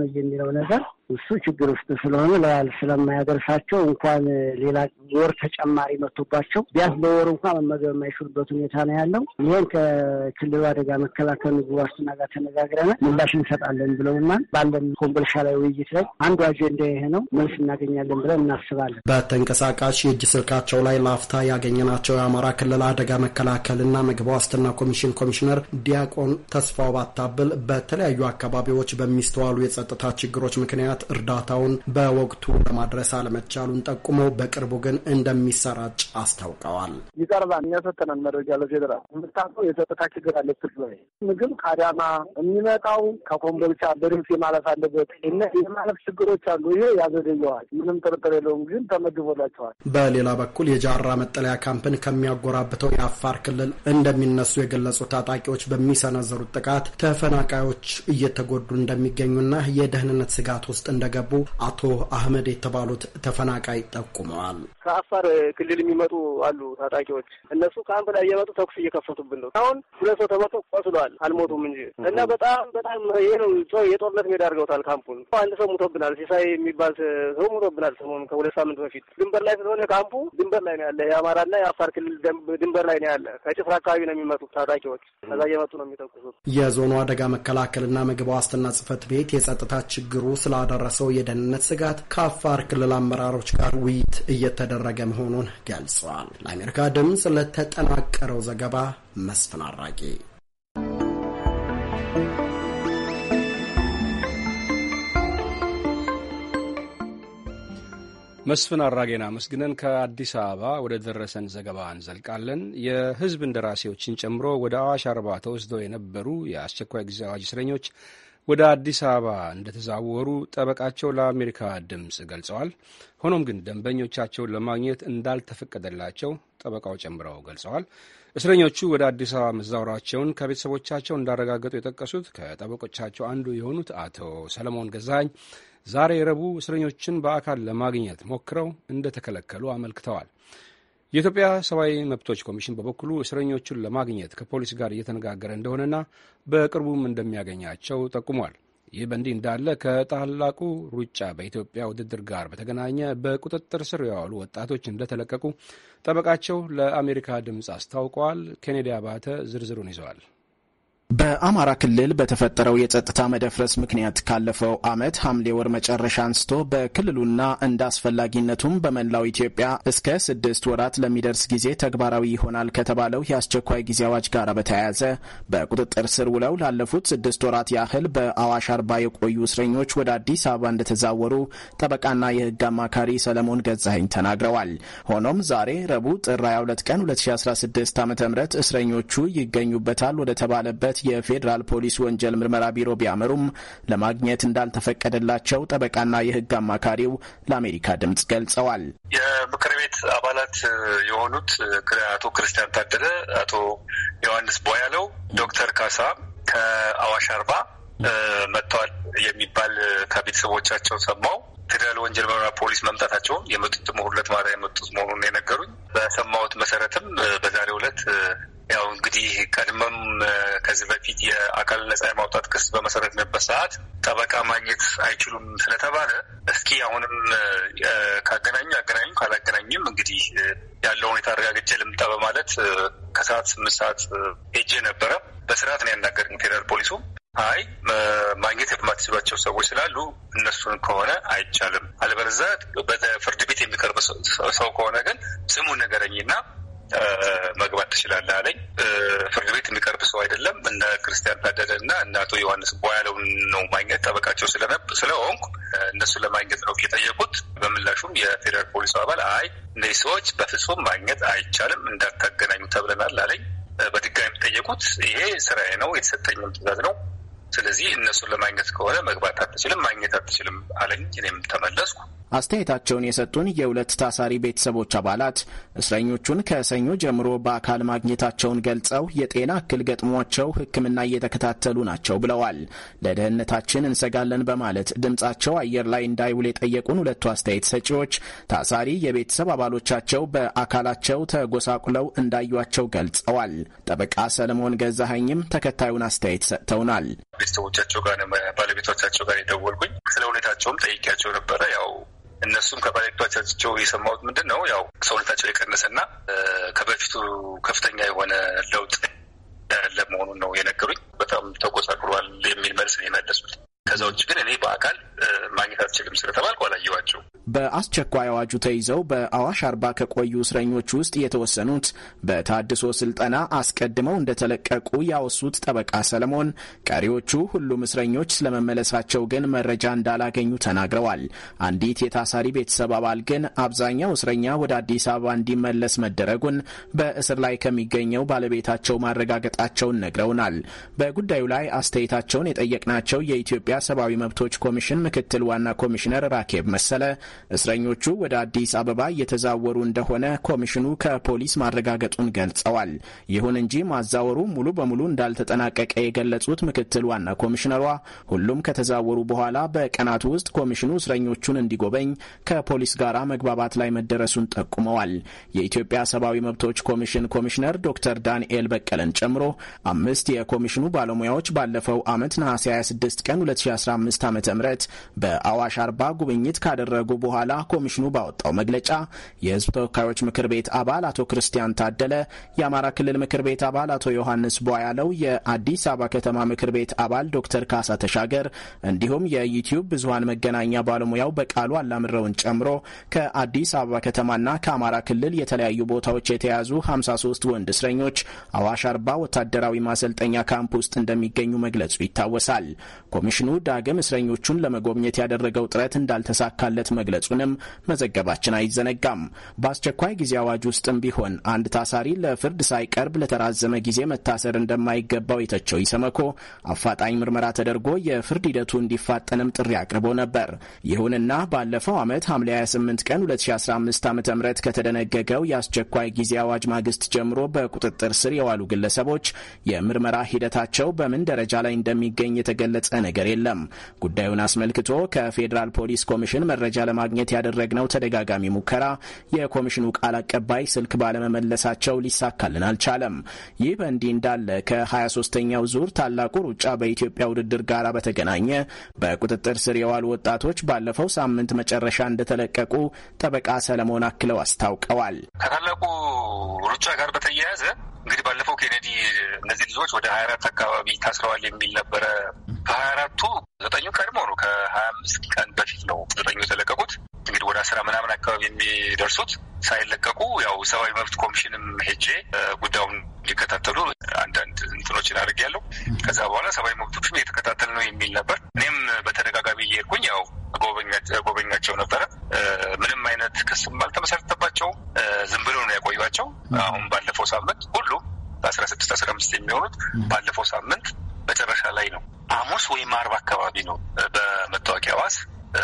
ነው የሚለው ነገር እሱ ችግር ውስጥ ስለሆነ ለያል ስለማያደርሳቸው እንኳን ሌላ ወር ተጨማሪ መጥቶባቸው ቢያንስ በወር እንኳን መመገብ የማይችሉበት ሁኔታ ነው ያለው። ይህን ከክልሉ አደጋ መከላከል ምግብ ዋስትና ጋር ተነጋግረናል ምላሽ እንሰጣለን ብለውናል። ባለን ኮምቦልቻ ላይ ውይይት ላይ አንዱ አጀንዳ ይሄ ነው። መልስ እናገኛለን ብለን እናስባለን። በተንቀሳቃሽ የእጅ ስልካቸው ላይ ላፍታ ያገኘናቸው የአማራ ክልል አደጋ መከላከልና ምግብ ዋስትና ኮሚሽን ኮሚሽነር ዲያቆን ተስፋው ባታብል በተለያዩ አካባቢዎች በሚስተዋሉ የጸጥታ ችግሮች ምክንያት ምክንያት እርዳታውን በወቅቱ ለማድረስ አለመቻሉን ጠቁመው በቅርቡ ግን እንደሚሰራጭ አስታውቀዋል። ይቀርባል። እኛ ሰጠናል መረጃ ለፌዴራል የምታውቀው የጸጥታ ችግር አለ። ትግራይ ምግብ ከአዳማ የሚመጣው ከኮምቦልቻ በድምፅ የማለፍ አለበት እና የማለፍ ችግሮች አሉ። ይሄ ያዘገየዋል። ምንም ጥርጥር የለውም። ግን ተመድቦላቸዋል። በሌላ በኩል የጃራ መጠለያ ካምፕን ከሚያጎራብተው የአፋር ክልል እንደሚነሱ የገለጹ ታጣቂዎች በሚሰነዘሩት ጥቃት ተፈናቃዮች እየተጎዱ እንደሚገኙና የደህንነት ስጋት ውስጥ እንደገቡ አቶ አህመድ የተባሉት ተፈናቃይ ጠቁመዋል። ከአፋር ክልል የሚመጡ አሉ ታጣቂዎች። እነሱ ካምፕ ላይ እየመጡ ተኩስ እየከፈቱብን ነው። አሁን ሁለት ሰው ተመቶ ቆስሏል፣ አልሞቱም እንጂ እና በጣም በጣም ይህ ነው የጦርነት ሜዳ አድርገውታል ካምፑን። አንድ ሰው ሙቶብናል፣ ሲሳይ የሚባል ሰው ሙቶብናል። ሰሞኑን ከሁለት ሳምንት በፊት ድንበር ላይ ስለሆነ ካምፑ ድንበር ላይ ነው ያለ፣ የአማራና የአፋር ክልል ድንበር ላይ ነው ያለ። ከጭፍራ አካባቢ ነው የሚመጡ ታጣቂዎች፣ ከዛ እየመጡ ነው የሚተኩሱት። የዞኑ አደጋ መከላከልና ምግብ ዋስትና ጽህፈት ቤት የጸጥታ ችግሩ ስለ ስለደረሰው የደህንነት ስጋት ከአፋር ክልል አመራሮች ጋር ውይይት እየተደረገ መሆኑን ገልጸዋል። ለአሜሪካ ድምፅ ለተጠናቀረው ዘገባ መስፍን አራቂ። መስፍን አራጌን አመስግነን ከአዲስ አበባ ወደ ደረሰን ዘገባ እንዘልቃለን። የህዝብ እንደራሴዎችን ጨምሮ ወደ አዋሽ አርባ ተወስደው የነበሩ የአስቸኳይ ጊዜ አዋጅ እስረኞች ወደ አዲስ አበባ እንደተዛወሩ ጠበቃቸው ለአሜሪካ ድምፅ ገልጸዋል። ሆኖም ግን ደንበኞቻቸውን ለማግኘት እንዳልተፈቀደላቸው ጠበቃው ጨምረው ገልጸዋል። እስረኞቹ ወደ አዲስ አበባ መዛወራቸውን ከቤተሰቦቻቸው እንዳረጋገጡ የጠቀሱት ከጠበቆቻቸው አንዱ የሆኑት አቶ ሰለሞን ገዛኝ ዛሬ ረቡዕ እስረኞችን በአካል ለማግኘት ሞክረው እንደተከለከሉ አመልክተዋል። የኢትዮጵያ ሰብአዊ መብቶች ኮሚሽን በበኩሉ እስረኞቹን ለማግኘት ከፖሊስ ጋር እየተነጋገረ እንደሆነና በቅርቡም እንደሚያገኛቸው ጠቁሟል። ይህ በእንዲህ እንዳለ ከታላቁ ሩጫ በኢትዮጵያ ውድድር ጋር በተገናኘ በቁጥጥር ስር የዋሉ ወጣቶች እንደተለቀቁ ጠበቃቸው ለአሜሪካ ድምፅ አስታውቀዋል። ኬኔዲ አባተ ዝርዝሩን ይዘዋል። በአማራ ክልል በተፈጠረው የጸጥታ መደፍረስ ምክንያት ካለፈው ዓመት ሐምሌ ወር መጨረሻ አንስቶ በክልሉና እንደ አስፈላጊነቱም በመላው ኢትዮጵያ እስከ ስድስት ወራት ለሚደርስ ጊዜ ተግባራዊ ይሆናል ከተባለው የአስቸኳይ ጊዜ አዋጅ ጋር በተያያዘ በቁጥጥር ስር ውለው ላለፉት ስድስት ወራት ያህል በአዋሽ አርባ የቆዩ እስረኞች ወደ አዲስ አበባ እንደተዛወሩ ጠበቃና የሕግ አማካሪ ሰለሞን ገዛኸኝ ተናግረዋል። ሆኖም ዛሬ ረቡዕ ጥር 22 ቀን 2016 ዓ ም እስረኞቹ ይገኙበታል ወደ ተባለበት የፌዴራል ፖሊስ ወንጀል ምርመራ ቢሮ ቢያመሩም ለማግኘት እንዳልተፈቀደላቸው ጠበቃና የህግ አማካሪው ለአሜሪካ ድምጽ ገልጸዋል። የምክር ቤት አባላት የሆኑት አቶ ክርስቲያን ታደለ፣ አቶ ዮሐንስ ቦያለው፣ ዶክተር ካሳ ከአዋሽ አርባ መጥተዋል የሚባል ከቤተሰቦቻቸው ሰማው ፌዴራል ወንጀል ምርመራ ፖሊስ መምጣታቸውን የመጡት ሁለት ማታ የመጡት መሆኑን የነገሩኝ በሰማሁት መሰረትም በዛሬው ዕለት ያው እንግዲህ ቀድመም ከዚህ በፊት የአካል ነጻ የማውጣት ክስ በመሰረትንበት ሰዓት ጠበቃ ማግኘት አይችሉም ስለተባለ እስኪ አሁንም ካገናኙ አገናኙ፣ ካላገናኝም እንግዲህ ያለው ሁኔታ አረጋግጬ ልምጣ በማለት ከሰዓት ስምንት ሰዓት ሄጄ ነበረ። በስርዓት ነው ያናገረኝ ፌደራል ፖሊሱ። አይ ማግኘት የማትችሏቸው ሰዎች ስላሉ እነሱን ከሆነ አይቻልም፣ አለበለዚያ በፍርድ ቤት የሚቀርብ ሰው ከሆነ ግን ስሙ ነገረኝና መግባት ትችላለህ አለኝ። ፍርድ ቤት የሚቀርብ ሰው አይደለም። እነ ክርስቲያን ታደለ እና እነ አቶ ዮሐንስ ቧያለውን ነው ማግኘት ጠበቃቸው ስለሆንኩ እነሱ ለማግኘት ነው የጠየቁት። በምላሹም የፌዴራል ፖሊስ አባል አይ እነዚህ ሰዎች በፍጹም ማግኘት አይቻልም፣ እንዳታገናኙ ተብለናል አለኝ። በድጋሚ የሚጠየቁት ይሄ ስራዬ ነው የተሰጠኝም ትእዛዝ ነው ስለዚህ እነሱን ለማግኘት ከሆነ መግባት አትችልም፣ ማግኘት አትችልም አለኝ። እኔም ተመለስኩ። አስተያየታቸውን የሰጡን የሁለት ታሳሪ ቤተሰቦች አባላት እስረኞቹን ከሰኞ ጀምሮ በአካል ማግኘታቸውን ገልጸው የጤና እክል ገጥሟቸው ሕክምና እየተከታተሉ ናቸው ብለዋል። ለደህንነታችን እንሰጋለን በማለት ድምጻቸው አየር ላይ እንዳይውል የጠየቁን ሁለቱ አስተያየት ሰጪዎች ታሳሪ የቤተሰብ አባሎቻቸው በአካላቸው ተጎሳቁለው እንዳዩቸው ገልጸዋል። ጠበቃ ሰለሞን ገዛኸኝም ተከታዩን አስተያየት ሰጥተውናል። ቤተሰቦቻቸው ጋር ባለቤቶቻቸው ጋር የደወልኩኝ ስለ ሁኔታቸውም ጠይቄያቸው ነበረ ያው እነሱም ከባለቤቶቻቸው የሰማሁት ምንድን ነው ያው ሰውነታቸው የቀነሰና ከበፊቱ ከፍተኛ የሆነ ለውጥ ያለ መሆኑን ነው የነገሩኝ። በጣም ተጎሳቅሏል የሚል መልስ ነው የመለሱት። ከዛ ውጭ ግን እኔ በአካል ማግኘት አትችልም ስለተባልኩ አላየኋቸውም። በአስቸኳይ አዋጁ ተይዘው በአዋሽ አርባ ከቆዩ እስረኞች ውስጥ የተወሰኑት በታድሶ ስልጠና አስቀድመው እንደተለቀቁ ያወሱት ጠበቃ ሰለሞን ቀሪዎቹ ሁሉም እስረኞች ስለመመለሳቸው ግን መረጃ እንዳላገኙ ተናግረዋል። አንዲት የታሳሪ ቤተሰብ አባል ግን አብዛኛው እስረኛ ወደ አዲስ አበባ እንዲመለስ መደረጉን በእስር ላይ ከሚገኘው ባለቤታቸው ማረጋገጣቸውን ነግረውናል። በጉዳዩ ላይ አስተያየታቸውን የጠየቅናቸው የኢትዮጵያ የኢትዮጵያ ሰብአዊ መብቶች ኮሚሽን ምክትል ዋና ኮሚሽነር ራኬብ መሰለ እስረኞቹ ወደ አዲስ አበባ እየተዛወሩ እንደሆነ ኮሚሽኑ ከፖሊስ ማረጋገጡን ገልጸዋል። ይሁን እንጂ ማዛወሩ ሙሉ በሙሉ እንዳልተጠናቀቀ የገለጹት ምክትል ዋና ኮሚሽነሯ ሁሉም ከተዛወሩ በኋላ በቀናቱ ውስጥ ኮሚሽኑ እስረኞቹን እንዲጎበኝ ከፖሊስ ጋር መግባባት ላይ መደረሱን ጠቁመዋል። የኢትዮጵያ ሰብአዊ መብቶች ኮሚሽን ኮሚሽነር ዶክተር ዳንኤል በቀለን ጨምሮ አምስት የኮሚሽኑ ባለሙያዎች ባለፈው ዓመት ነሐሴ 26 ቀን 2015 ዓ ም በአዋሽ አርባ ጉብኝት ካደረጉ በኋላ ኮሚሽኑ ባወጣው መግለጫ የህዝብ ተወካዮች ምክር ቤት አባል አቶ ክርስቲያን ታደለ፣ የአማራ ክልል ምክር ቤት አባል አቶ ዮሐንስ ቧያለው፣ የአዲስ አበባ ከተማ ምክር ቤት አባል ዶክተር ካሳ ተሻገር እንዲሁም የዩቲዩብ ብዙሀን መገናኛ ባለሙያው በቃሉ አላምረውን ጨምሮ ከአዲስ አበባ ከተማና ከአማራ ክልል የተለያዩ ቦታዎች የተያዙ 53 ወንድ እስረኞች አዋሽ አርባ ወታደራዊ ማሰልጠኛ ካምፕ ውስጥ እንደሚገኙ መግለጹ ይታወሳል። ኮሚሽኑ ዳግም እስረኞቹን ለመጎብኘት ያደረገው ጥረት እንዳልተሳካለት መግለጹንም መዘገባችን አይዘነጋም። በአስቸኳይ ጊዜ አዋጅ ውስጥም ቢሆን አንድ ታሳሪ ለፍርድ ሳይቀርብ ለተራዘመ ጊዜ መታሰር እንደማይገባው የተቸው ኢሰመኮ አፋጣኝ ምርመራ ተደርጎ የፍርድ ሂደቱ እንዲፋጠንም ጥሪ አቅርቦ ነበር። ይሁንና ባለፈው ዓመት ሐምሌ 28 ቀን 2015 ዓ ም ከተደነገገው የአስቸኳይ ጊዜ አዋጅ ማግስት ጀምሮ በቁጥጥር ስር የዋሉ ግለሰቦች የምርመራ ሂደታቸው በምን ደረጃ ላይ እንደሚገኝ የተገለጸ ነገር የለም። የለም። ጉዳዩን አስመልክቶ ከፌዴራል ፖሊስ ኮሚሽን መረጃ ለማግኘት ያደረግነው ተደጋጋሚ ሙከራ የኮሚሽኑ ቃል አቀባይ ስልክ ባለመመለሳቸው ሊሳካልን አልቻለም። ይህ በእንዲህ እንዳለ ከ23ኛው ዙር ታላቁ ሩጫ በኢትዮጵያ ውድድር ጋር በተገናኘ በቁጥጥር ስር የዋሉ ወጣቶች ባለፈው ሳምንት መጨረሻ እንደተለቀቁ ጠበቃ ሰለሞን አክለው አስታውቀዋል። ከታላቁ ሩጫ ጋር በተያያዘ እንግዲህ ባለፈው ኬኔዲ እነዚህ ልጆች ወደ ሀያ አራት አካባቢ ታስረዋል የሚል ነበረ። ከሀያ አራቱ ዘጠኙ ቀድሞ ነው፣ ከሀያ አምስት ቀን በፊት ነው ዘጠኙ የተለቀቁት። እንግዲህ ወደ አስራ ምናምን አካባቢ የሚደርሱት ሳይለቀቁ ያው ሰብአዊ መብት ኮሚሽንም ሄጄ ጉዳዩን እንዲከታተሉ አንዳንድ እንትኖችን ያለው ከዛ በኋላ ሰብአዊ መብቶችም እየተከታተል ነው የሚል ነበር። እኔም በተደጋጋሚ እየሄድኩኝ ያው ጎበኛቸው ነበረ። ምንም አይነት ክስም አልተመሰረተባቸው ዝም ብሎ ነው ያቆዩቸው። አሁን ባለፈው ሳምንት ሁሉም በአስራ ስድስት አስራ አምስት የሚሆኑት ባለፈው ሳምንት መጨረሻ ላይ ነው ሐሙስ ወይም አርባ አካባቢ ነው በመታወቂያ ዋስ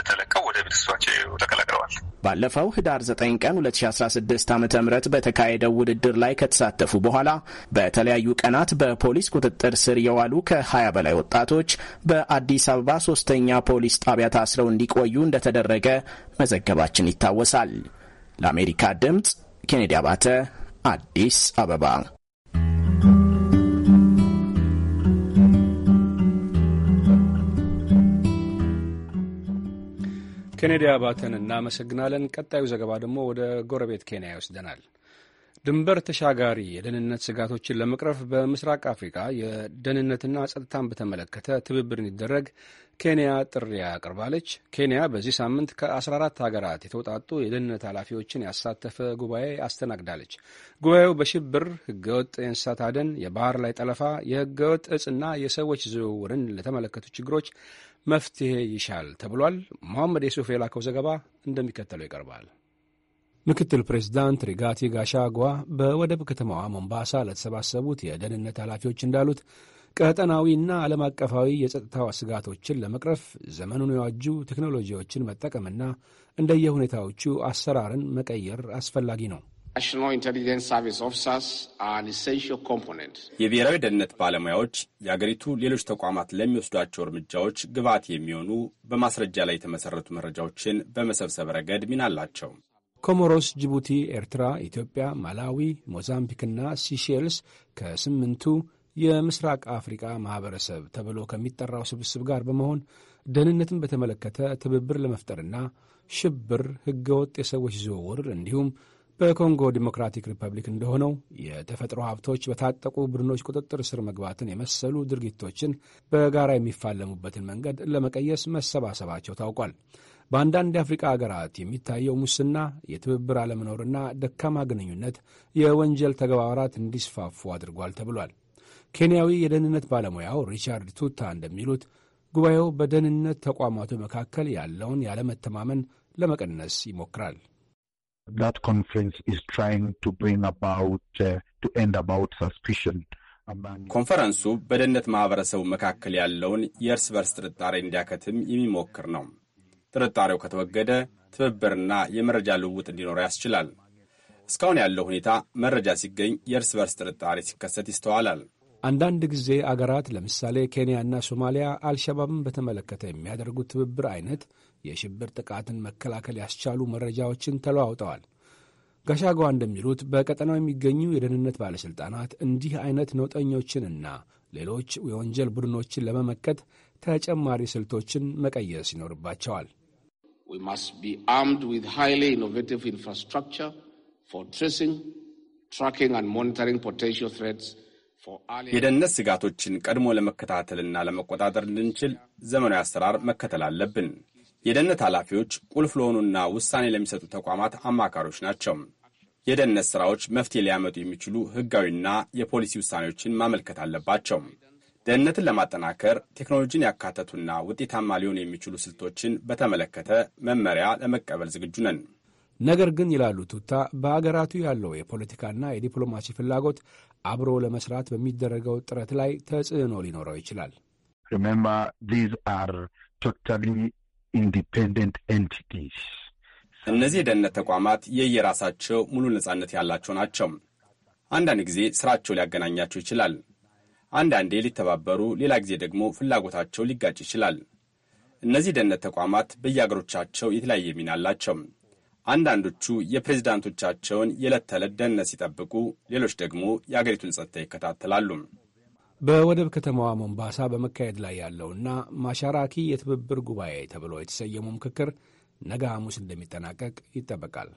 ተለቀው ወደ ቤተሰባቸው ተቀላቅለዋል። ባለፈው ህዳር 9 ቀን 2016 ዓ ም በተካሄደው ውድድር ላይ ከተሳተፉ በኋላ በተለያዩ ቀናት በፖሊስ ቁጥጥር ስር የዋሉ ከ20 በላይ ወጣቶች በአዲስ አበባ ሶስተኛ ፖሊስ ጣቢያ ታስረው እንዲቆዩ እንደተደረገ መዘገባችን ይታወሳል። ለአሜሪካ ድምፅ ኬኔዲ አባተ አዲስ አበባ ኬኔዲ አባተን እናመሰግናለን። ቀጣዩ ዘገባ ደግሞ ወደ ጎረቤት ኬንያ ይወስደናል። ድንበር ተሻጋሪ የደህንነት ስጋቶችን ለመቅረፍ በምስራቅ አፍሪካ የደህንነትና ጸጥታን በተመለከተ ትብብር እንዲደረግ ኬንያ ጥሪ አቅርባለች። ኬንያ በዚህ ሳምንት ከ14 ሀገራት የተውጣጡ የደህንነት ኃላፊዎችን ያሳተፈ ጉባኤ አስተናግዳለች። ጉባኤው በሽብር ህገወጥ የእንስሳት አደን፣ የባህር ላይ ጠለፋ፣ የህገወጥ እጽና የሰዎች ዝውውርን ለተመለከቱ ችግሮች መፍትሄ ይሻል ተብሏል። መሐመድ የሱፍ የላከው ዘገባ እንደሚከተለው ይቀርባል። ምክትል ፕሬዚዳንት ሪጋቲ ጋሻጓ በወደብ ከተማዋ ሞምባሳ ለተሰባሰቡት የደህንነት ኃላፊዎች እንዳሉት ቀጠናዊና ዓለም አቀፋዊ የጸጥታው ስጋቶችን ለመቅረፍ ዘመኑን የዋጁ ቴክኖሎጂዎችን መጠቀምና እንደየሁኔታዎቹ አሰራርን መቀየር አስፈላጊ ነው። የብሔራዊ ደህንነት ባለሙያዎች የአገሪቱ ሌሎች ተቋማት ለሚወስዷቸው እርምጃዎች ግብዓት የሚሆኑ በማስረጃ ላይ የተመሰረቱ መረጃዎችን በመሰብሰብ ረገድ ሚና አላቸው። ኮሞሮስ፣ ጅቡቲ፣ ኤርትራ፣ ኢትዮጵያ፣ ማላዊ፣ ሞዛምቢክና ሲሼልስ ከስምንቱ የምስራቅ አፍሪቃ ማህበረሰብ ተብሎ ከሚጠራው ስብስብ ጋር በመሆን ደህንነትን በተመለከተ ትብብር ለመፍጠርና ሽብር፣ ህገወጥ የሰዎች ዝውውር እንዲሁም በኮንጎ ዲሞክራቲክ ሪፐብሊክ እንደሆነው የተፈጥሮ ሀብቶች በታጠቁ ቡድኖች ቁጥጥር ስር መግባትን የመሰሉ ድርጊቶችን በጋራ የሚፋለሙበትን መንገድ ለመቀየስ መሰባሰባቸው ታውቋል። በአንዳንድ የአፍሪቃ ሀገራት የሚታየው ሙስና፣ የትብብር አለመኖርና ደካማ ግንኙነት የወንጀል ተግባራት እንዲስፋፉ አድርጓል ተብሏል። ኬንያዊ የደህንነት ባለሙያው ሪቻርድ ቱታ እንደሚሉት ጉባኤው በደህንነት ተቋማቱ መካከል ያለውን ያለመተማመን ለመቀነስ ይሞክራል። that conference is trying to bring about uh, to end about suspicion. ኮንፈረንሱ በደህንነት ማህበረሰቡ መካከል ያለውን የእርስ በርስ ጥርጣሬ እንዲያከትም የሚሞክር ነው። ጥርጣሬው ከተወገደ ትብብርና የመረጃ ልውውጥ እንዲኖር ያስችላል። እስካሁን ያለው ሁኔታ መረጃ ሲገኝ የእርስ በርስ ጥርጣሬ ሲከሰት ይስተዋላል። አንዳንድ ጊዜ አገራት ለምሳሌ ኬንያና ሶማሊያ አልሸባብን በተመለከተ የሚያደርጉት ትብብር አይነት የሽብር ጥቃትን መከላከል ያስቻሉ መረጃዎችን ተለዋውጠዋል። ጋሻጓ እንደሚሉት በቀጠናው የሚገኙ የደህንነት ባለሥልጣናት እንዲህ አይነት ነውጠኞችንና ሌሎች የወንጀል ቡድኖችን ለመመከት ተጨማሪ ስልቶችን መቀየስ ይኖርባቸዋል። የደህንነት ስጋቶችን ቀድሞ ለመከታተልና ለመቆጣጠር እንድንችል ዘመናዊ አሰራር መከተል አለብን። የደህንነት ኃላፊዎች ቁልፍ ለሆኑና ውሳኔ ለሚሰጡ ተቋማት አማካሪዎች ናቸው። የደህንነት ስራዎች መፍትሄ ሊያመጡ የሚችሉ ህጋዊና የፖሊሲ ውሳኔዎችን ማመልከት አለባቸው። ደህንነትን ለማጠናከር ቴክኖሎጂን ያካተቱና ውጤታማ ሊሆኑ የሚችሉ ስልቶችን በተመለከተ መመሪያ ለመቀበል ዝግጁ ነን። ነገር ግን ይላሉ ቱታ፣ በአገራቱ ያለው የፖለቲካና የዲፕሎማሲ ፍላጎት አብሮ ለመስራት በሚደረገው ጥረት ላይ ተጽዕኖ ሊኖረው ይችላል። ኢንዲፔንደንት ኤንቲቲስ። እነዚህ የደህንነት ተቋማት የየራሳቸው ሙሉ ነጻነት ያላቸው ናቸው። አንዳንድ ጊዜ ስራቸው ሊያገናኛቸው ይችላል። አንዳንዴ ሊተባበሩ፣ ሌላ ጊዜ ደግሞ ፍላጎታቸው ሊጋጭ ይችላል። እነዚህ የደህንነት ተቋማት በየአገሮቻቸው የተለያየ ሚና አላቸው። አንዳንዶቹ የፕሬዝዳንቶቻቸውን የዕለት ተዕለት ደህንነት ሲጠብቁ፣ ሌሎች ደግሞ የአገሪቱን ጸጥታ ይከታተላሉ። በወደብ ከተማዋ ሞምባሳ በመካሄድ ላይ ያለውና ማሻራኪ የትብብር ጉባኤ ተብሎ የተሰየመው ምክክር ነገ ሐሙስ እንደሚጠናቀቅ ይጠበቃል።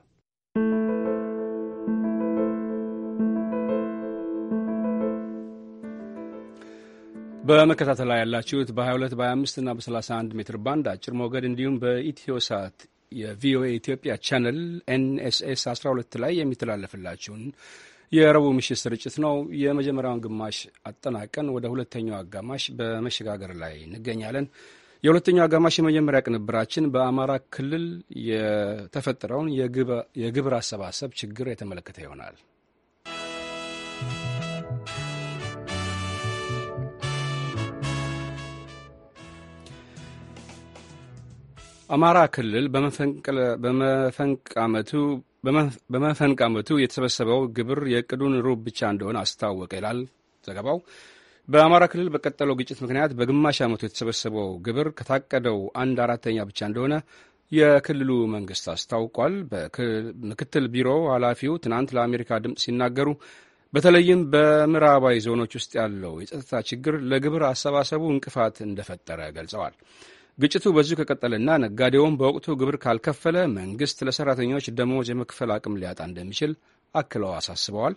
በመከታተል ላይ ያላችሁት በ22 በ25 እና በ31 ሜትር ባንድ አጭር ሞገድ እንዲሁም በኢትዮ ሳት የቪኦኤ ኢትዮጵያ ቻነል ኤንኤስኤስ 12 ላይ የሚተላለፍላችሁን የረቡዕ ምሽት ስርጭት ነው። የመጀመሪያውን ግማሽ አጠናቀን ወደ ሁለተኛው አጋማሽ በመሸጋገር ላይ እንገኛለን። የሁለተኛው አጋማሽ የመጀመሪያ ቅንብራችን በአማራ ክልል የተፈጠረውን የግብር አሰባሰብ ችግር የተመለከተ ይሆናል። አማራ ክልል በመፈንቃመቱ የተሰበሰበው ግብር የእቅዱን ሩብ ብቻ እንደሆነ አስታወቀ ይላል ዘገባው። በአማራ ክልል በቀጠለው ግጭት ምክንያት በግማሽ ዓመቱ የተሰበሰበው ግብር ከታቀደው አንድ አራተኛ ብቻ እንደሆነ የክልሉ መንግስት አስታውቋል። ምክትል ቢሮ ኃላፊው ትናንት ለአሜሪካ ድምፅ ሲናገሩ በተለይም በምዕራባዊ ዞኖች ውስጥ ያለው የጸጥታ ችግር ለግብር አሰባሰቡ እንቅፋት እንደፈጠረ ገልጸዋል። ግጭቱ በዚሁ ከቀጠለና ነጋዴውም በወቅቱ ግብር ካልከፈለ መንግሥት ለሠራተኞች ደሞዝ የመክፈል አቅም ሊያጣ እንደሚችል አክለው አሳስበዋል።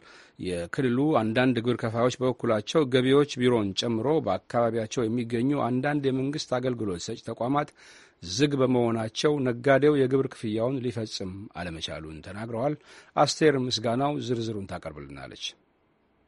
የክልሉ አንዳንድ ግብር ከፋዮች በበኩላቸው ገቢዎች ቢሮን ጨምሮ በአካባቢያቸው የሚገኙ አንዳንድ የመንግሥት አገልግሎት ሰጪ ተቋማት ዝግ በመሆናቸው ነጋዴው የግብር ክፍያውን ሊፈጽም አለመቻሉን ተናግረዋል። አስቴር ምስጋናው ዝርዝሩን ታቀርብልናለች።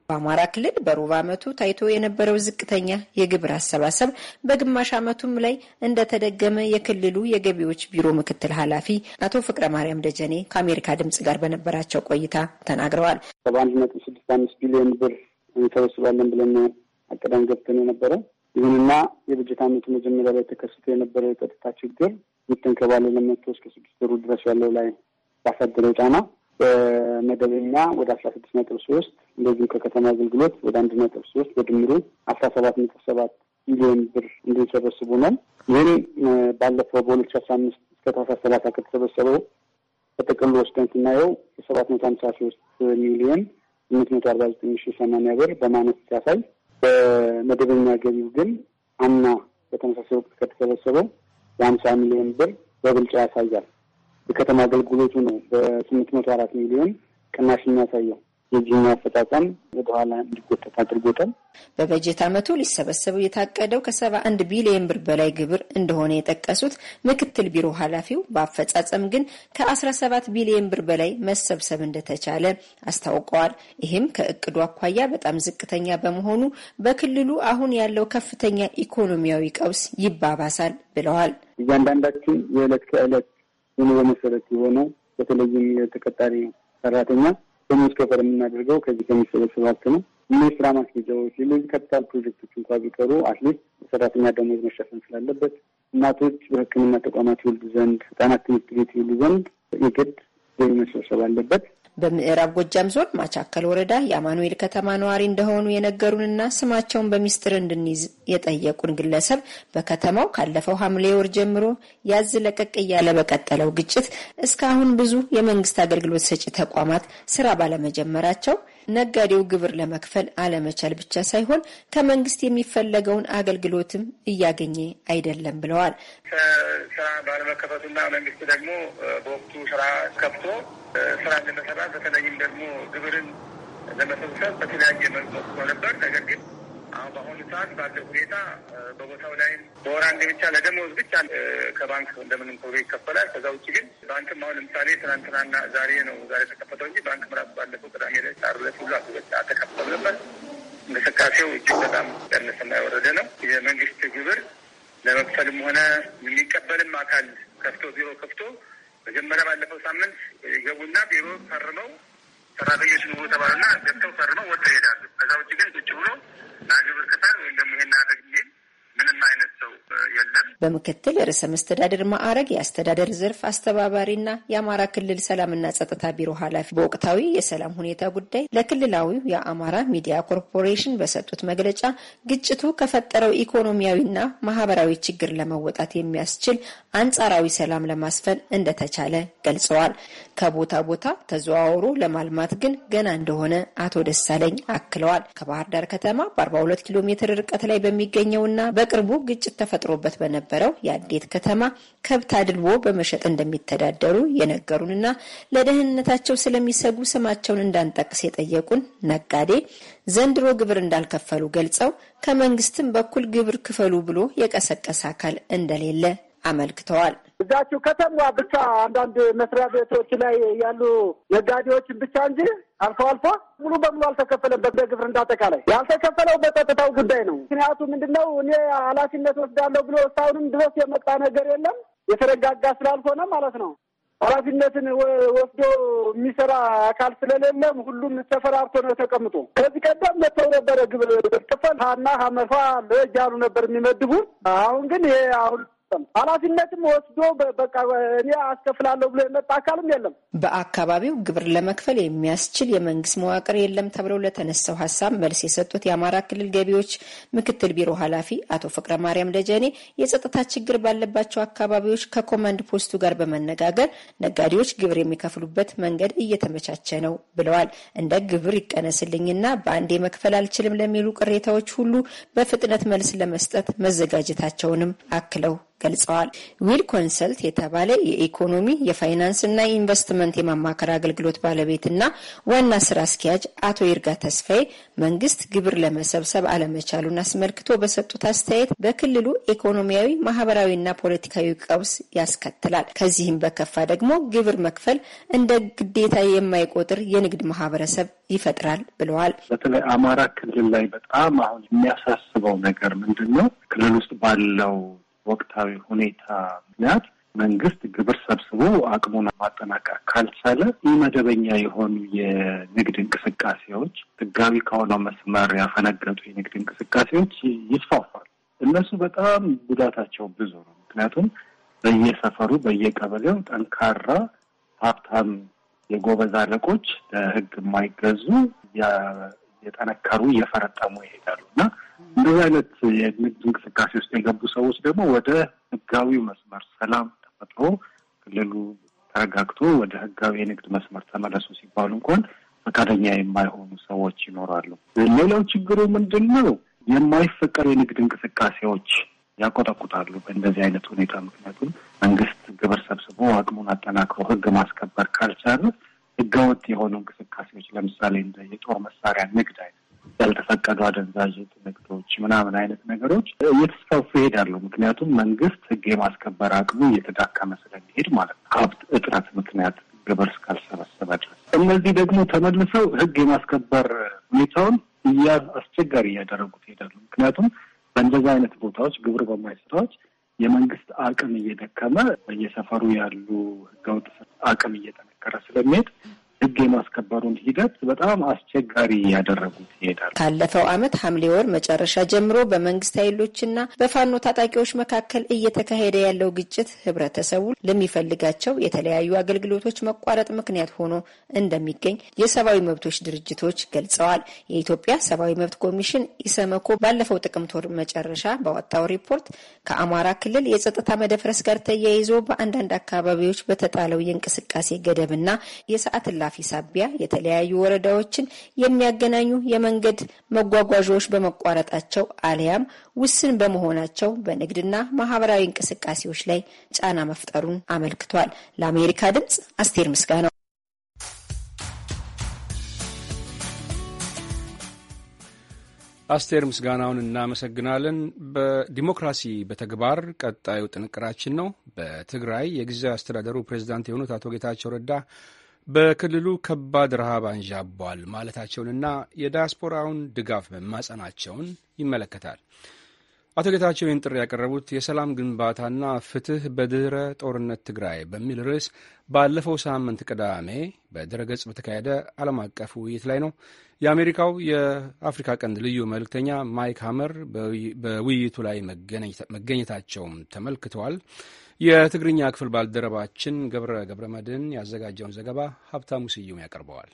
በአማራ ክልል በሩብ ዓመቱ ታይቶ የነበረው ዝቅተኛ የግብር አሰባሰብ በግማሽ ዓመቱም ላይ እንደተደገመ የክልሉ የገቢዎች ቢሮ ምክትል ኃላፊ አቶ ፍቅረ ማርያም ደጀኔ ከአሜሪካ ድምጽ ጋር በነበራቸው ቆይታ ተናግረዋል። ሰባ አንድ ነጥብ ስድስት አምስት ቢሊዮን ብር እንሰበስባለን ብለን አቅዳን ገብተን የነበረው ይሁንና የበጀት ዓመቱ መጀመሪያ ላይ ተከስቶ የነበረው የጸጥታ ችግር ምትንከባለ ለመቶ እስከ ስድስት ወሩ ድረስ ያለው ላይ ባሳደረው ጫና በመደበኛ ወደ አስራ ስድስት ነጥብ ሶስት እንደዚሁም ከከተማ አገልግሎት ወደ አንድ ነጥብ ሶስት በድምሩ አስራ ሰባት ነጥብ ሰባት ሚሊዮን ብር እንድንሰበስቡ ነው። ይህም ባለፈው በሁለት ሺ አስራ አምስት እስከ ታህሳስ ሰላሳ ከተሰበሰበው በጥቅሉ ወስደን ስናየው የሰባት መቶ ሀምሳ ሶስት ሚሊዮን ስምንት መቶ አርባ ዘጠኝ ሺ ሰማንያ ብር በማነስ ሲያሳይ በመደበኛ ገቢው ግን አምና በተመሳሳይ ወቅት ከተሰበሰበው የሀምሳ ሚሊዮን ብር በብልጫ ያሳያል። የከተማ አገልግሎቱ ነው በስምንት መቶ አራት ሚሊዮን ቅናሽ የሚያሳየው የጂኒ አፈጻጸም ወደኋላ እንዲጎተት አድርጎታል። በበጀት ዓመቱ ሊሰበሰበው የታቀደው ከሰባ አንድ ቢሊየን ብር በላይ ግብር እንደሆነ የጠቀሱት ምክትል ቢሮ ኃላፊው በአፈጻጸም ግን ከአስራ ሰባት ቢሊየን ብር በላይ መሰብሰብ እንደተቻለ አስታውቀዋል። ይህም ከእቅዱ አኳያ በጣም ዝቅተኛ በመሆኑ በክልሉ አሁን ያለው ከፍተኛ ኢኮኖሚያዊ ቀውስ ይባባሳል ብለዋል። እያንዳንዳችን የዕለት ከዕለት ሙሉ መሰረት የሆነ በተለይም የተቀጣሪ ሰራተኛ ደሞዝ ከፈር የምናደርገው ከዚህ ከሚሰበሰበው ሀብት ነው። እነ ስራ ማስጌጃዎች፣ ሌሎች ካፒታል ፕሮጀክቶች እንኳ ቢቀሩ አትሊስት ሰራተኛ ደሞዝ መሸፈን ስላለበት እናቶች በሕክምና ተቋማት ይወልዱ ዘንድ ህጻናት ትምህርት ቤት ይውሉ ዘንድ የግድ ገቢ መሰብሰብ አለበት። በምዕራብ ጎጃም ዞን ማቻከል ወረዳ የአማኑኤል ከተማ ነዋሪ እንደሆኑ የነገሩንና ስማቸውን በሚስጥር እንድንይዝ የጠየቁን ግለሰብ በከተማው ካለፈው ሐምሌ ወር ጀምሮ ያዝ ለቀቅ እያለ በቀጠለው ግጭት እስካሁን ብዙ የመንግስት አገልግሎት ሰጪ ተቋማት ስራ ባለመጀመራቸው ነጋዴው ግብር ለመክፈል አለመቻል ብቻ ሳይሆን ከመንግስት የሚፈለገውን አገልግሎትም እያገኘ አይደለም ብለዋል። ስራ ባለመከፈቱና መንግስት ደግሞ በወቅቱ ስራ ከፍቶ ስራ ለመሰራት በተለይም ደግሞ ግብርን ለመሰብሰብ በተለያየ መልኩ ነበር ነገር ግን አሁን በአሁኑ ሰዓት ባለው ሁኔታ በቦታው ላይ በወር አንድ ብቻ ለደመወዝ ብቻ ከባንክ እንደምንም ተብሎ ይከፈላል። ከዛ ውጭ ግን ባንክም አሁን ለምሳሌ ትናንትናና ዛሬ ነው ዛሬ ተከፈተው እንጂ ባንክ ምራሱ ባለፈው ቅዳሜ ላይ ሳር ሁለት ሁሉ አስበጣ ተከፍተው ነበር። እንቅስቃሴው እጅግ በጣም ቀነሰና የወረደ ነው። የመንግስት ግብር ለመክፈልም ሆነ የሚቀበልም አካል ከፍቶ ቢሮ ከፍቶ መጀመሪያ ባለፈው ሳምንት ይገቡና ቢሮ ፈርመው ሰራተኞች ንጉ ተባሉና ገብተው ፈርመው ወጥተው ይሄዳሉ። ከዛ ውጭ ግን ቁጭ ብሎ ግብር ክፈል ወይም ደግሞ ይሄን አድርግ የሚል ምንም አይነት ሰው የለም። በምክትል ርዕሰ መስተዳድር ማዕረግ የአስተዳደር ዘርፍ አስተባባሪና የአማራ ክልል ሰላምና ጸጥታ ቢሮ ኃላፊ በወቅታዊ የሰላም ሁኔታ ጉዳይ ለክልላዊው የአማራ ሚዲያ ኮርፖሬሽን በሰጡት መግለጫ ግጭቱ ከፈጠረው ኢኮኖሚያዊና ማህበራዊ ችግር ለመወጣት የሚያስችል አንጻራዊ ሰላም ለማስፈን እንደተቻለ ገልጸዋል። ከቦታ ቦታ ተዘዋውሮ ለማልማት ግን ገና እንደሆነ አቶ ደሳለኝ አክለዋል። ከባህር ዳር ከተማ በ42 ኪሎ ሜትር ርቀት ላይ በሚገኘውና በ በቅርቡ ግጭት ተፈጥሮበት በነበረው የአዴት ከተማ ከብት አድልቦ በመሸጥ እንደሚተዳደሩ የነገሩንና ለደህንነታቸው ስለሚሰጉ ስማቸውን እንዳንጠቅስ የጠየቁን ነጋዴ ዘንድሮ ግብር እንዳልከፈሉ ገልጸው ከመንግስትም በኩል ግብር ክፈሉ ብሎ የቀሰቀሰ አካል እንደሌለ አመልክተዋል። እዛችሁ ከተማ ብቻ አንዳንድ መስሪያ ቤቶች ላይ ያሉ ነጋዴዎችን ብቻ እንጂ አልፎ አልፎ ሙሉ በሙሉ አልተከፈለም። በግብር እንዳጠቃላይ ያልተከፈለው በጸጥታው ጉዳይ ነው። ምክንያቱ ምንድነው? እኔ ኃላፊነት ወስዳለሁ ብሎ እስካሁንም ድረስ የመጣ ነገር የለም። የተረጋጋ ስላልሆነ ማለት ነው። ኃላፊነትን ወስዶ የሚሰራ አካል ስለሌለም ሁሉም ተፈራርቶ ነው ተቀምጦ። ከዚህ ቀደም መጥተው ነበረ ግብር ክፈል ሀና ሀመርፋ ለእጅ ነበር የሚመድቡን። አሁን ግን ይሄ አሁን አልተመለሰም። ኃላፊነትም ወስዶ በቃ እኔ አስከፍላለሁ ብሎ የመጣ አካልም የለም። በአካባቢው ግብር ለመክፈል የሚያስችል የመንግስት መዋቅር የለም ተብለው ለተነሳው ሀሳብ መልስ የሰጡት የአማራ ክልል ገቢዎች ምክትል ቢሮ ኃላፊ አቶ ፍቅረ ማርያም ደጀኔ የጸጥታ ችግር ባለባቸው አካባቢዎች ከኮማንድ ፖስቱ ጋር በመነጋገር ነጋዴዎች ግብር የሚከፍሉበት መንገድ እየተመቻቸ ነው ብለዋል። እንደ ግብር ይቀነስልኝና በአንዴ መክፈል አልችልም ለሚሉ ቅሬታዎች ሁሉ በፍጥነት መልስ ለመስጠት መዘጋጀታቸውንም አክለው ገልጸዋል። ዊል ኮንሰልት የተባለ የኢኮኖሚ የፋይናንስና የኢንቨስትመንት የማማከር አገልግሎት ባለቤትና ዋና ስራ አስኪያጅ አቶ ይርጋ ተስፋዬ መንግስት ግብር ለመሰብሰብ አለመቻሉን አስመልክቶ በሰጡት አስተያየት በክልሉ ኢኮኖሚያዊ፣ ማህበራዊና ፖለቲካዊ ቀውስ ያስከትላል። ከዚህም በከፋ ደግሞ ግብር መክፈል እንደ ግዴታ የማይቆጥር የንግድ ማህበረሰብ ይፈጥራል ብለዋል። በተለይ አማራ ክልል ላይ በጣም አሁን የሚያሳስበው ነገር ምንድን ነው? ክልል ውስጥ ባለው ወቅታዊ ሁኔታ ምክንያት መንግስት ግብር ሰብስቦ አቅሙን ማጠናቀር ካልቻለ ኢመደበኛ የሆኑ የንግድ እንቅስቃሴዎች ህጋዊ ከሆነው መስመር ያፈነገጡ የንግድ እንቅስቃሴዎች ይስፋፋል። እነሱ በጣም ጉዳታቸው ብዙ ነው። ምክንያቱም በየሰፈሩ በየቀበሌው ጠንካራ ሀብታም የጎበዝ አለቆች ለህግ የማይገዙ የጠነከሩ እየፈረጠሙ ይሄዳሉ እና እንደዚህ አይነት የንግድ እንቅስቃሴ ውስጥ የገቡ ሰዎች ደግሞ ወደ ህጋዊ መስመር ሰላም ተፈጥሮ ክልሉ ተረጋግቶ ወደ ህጋዊ የንግድ መስመር ተመለሱ ሲባሉ እንኳን ፈቃደኛ የማይሆኑ ሰዎች ይኖራሉ። ሌላው ችግሩ ምንድን ነው? የማይፈቀድ የንግድ እንቅስቃሴዎች ያቆጠቁጣሉ በእንደዚህ አይነት ሁኔታ። ምክንያቱም መንግስት ግብር ሰብስቦ አቅሙን አጠናክሮ ህግ ማስከበር ካልቻለ ህገወጥ የሆኑ እንቅስቃሴዎች ለምሳሌ እንደ የጦር መሳሪያ ንግድ አይነት ያልተፈቀዱ አደንዛዥ ንግዶች ምናምን አይነት ነገሮች እየተስፋፉ ይሄዳሉ። ምክንያቱም መንግስት ህግ የማስከበር አቅሙ እየተዳከመ ስለሚሄድ ማለት ነው። ሀብት እጥረት ምክንያት ግብር እስካልሰበሰበ ድረስ እነዚህ ደግሞ ተመልሰው ህግ የማስከበር ሁኔታውን እያ አስቸጋሪ እያደረጉት ይሄዳሉ። ምክንያቱም በእንደዚህ አይነት ቦታዎች ግብር በማይሰራዎች የመንግስት አቅም እየደከመ በየሰፈሩ ያሉ ህገወጥ አቅም እየጠነከረ ስለሚሄድ ህግ የማስከበሩን ሂደት በጣም አስቸጋሪ ያደረጉት ይሄዳል። ካለፈው ዓመት ሐምሌ ወር መጨረሻ ጀምሮ በመንግስት ኃይሎችና በፋኖ ታጣቂዎች መካከል እየተካሄደ ያለው ግጭት ህብረተሰቡ ለሚፈልጋቸው የተለያዩ አገልግሎቶች መቋረጥ ምክንያት ሆኖ እንደሚገኝ የሰብአዊ መብቶች ድርጅቶች ገልጸዋል። የኢትዮጵያ ሰብአዊ መብት ኮሚሽን ኢሰመኮ ባለፈው ጥቅምት ወር መጨረሻ ባወጣው ሪፖርት ከአማራ ክልል የጸጥታ መደፍረስ ጋር ተያይዞ በአንዳንድ አካባቢዎች በተጣለው የእንቅስቃሴ ገደብና የሰዓት ላፊ ኃላፊ ሳቢያ የተለያዩ ወረዳዎችን የሚያገናኙ የመንገድ መጓጓዣዎች በመቋረጣቸው አሊያም ውስን በመሆናቸው በንግድና ማህበራዊ እንቅስቃሴዎች ላይ ጫና መፍጠሩን አመልክቷል። ለአሜሪካ ድምጽ አስቴር ምስጋናው። አስቴር ምስጋናውን እናመሰግናለን። በዲሞክራሲ በተግባር ቀጣዩ ጥንቅራችን ነው። በትግራይ የጊዜያዊ አስተዳደሩ ፕሬዚዳንት የሆኑት አቶ ጌታቸው ረዳ በክልሉ ከባድ ረሃብ አንዣቧል ማለታቸውንና የዲያስፖራውን ድጋፍ መማጸናቸውን ይመለከታል። አቶ ጌታቸው ይህን ጥሪ ያቀረቡት የሰላም ግንባታና ፍትህ በድህረ ጦርነት ትግራይ በሚል ርዕስ ባለፈው ሳምንት ቅዳሜ በድረገጽ በተካሄደ ዓለም አቀፍ ውይይት ላይ ነው። የአሜሪካው የአፍሪካ ቀንድ ልዩ መልእክተኛ ማይክ ሀመር በውይይቱ ላይ መገኘታቸውም ተመልክተዋል። የትግርኛ ክፍል ባልደረባችን ገብረ ገብረ መድን ያዘጋጀውን ዘገባ ሀብታሙ ስዩም ያቀርበዋል።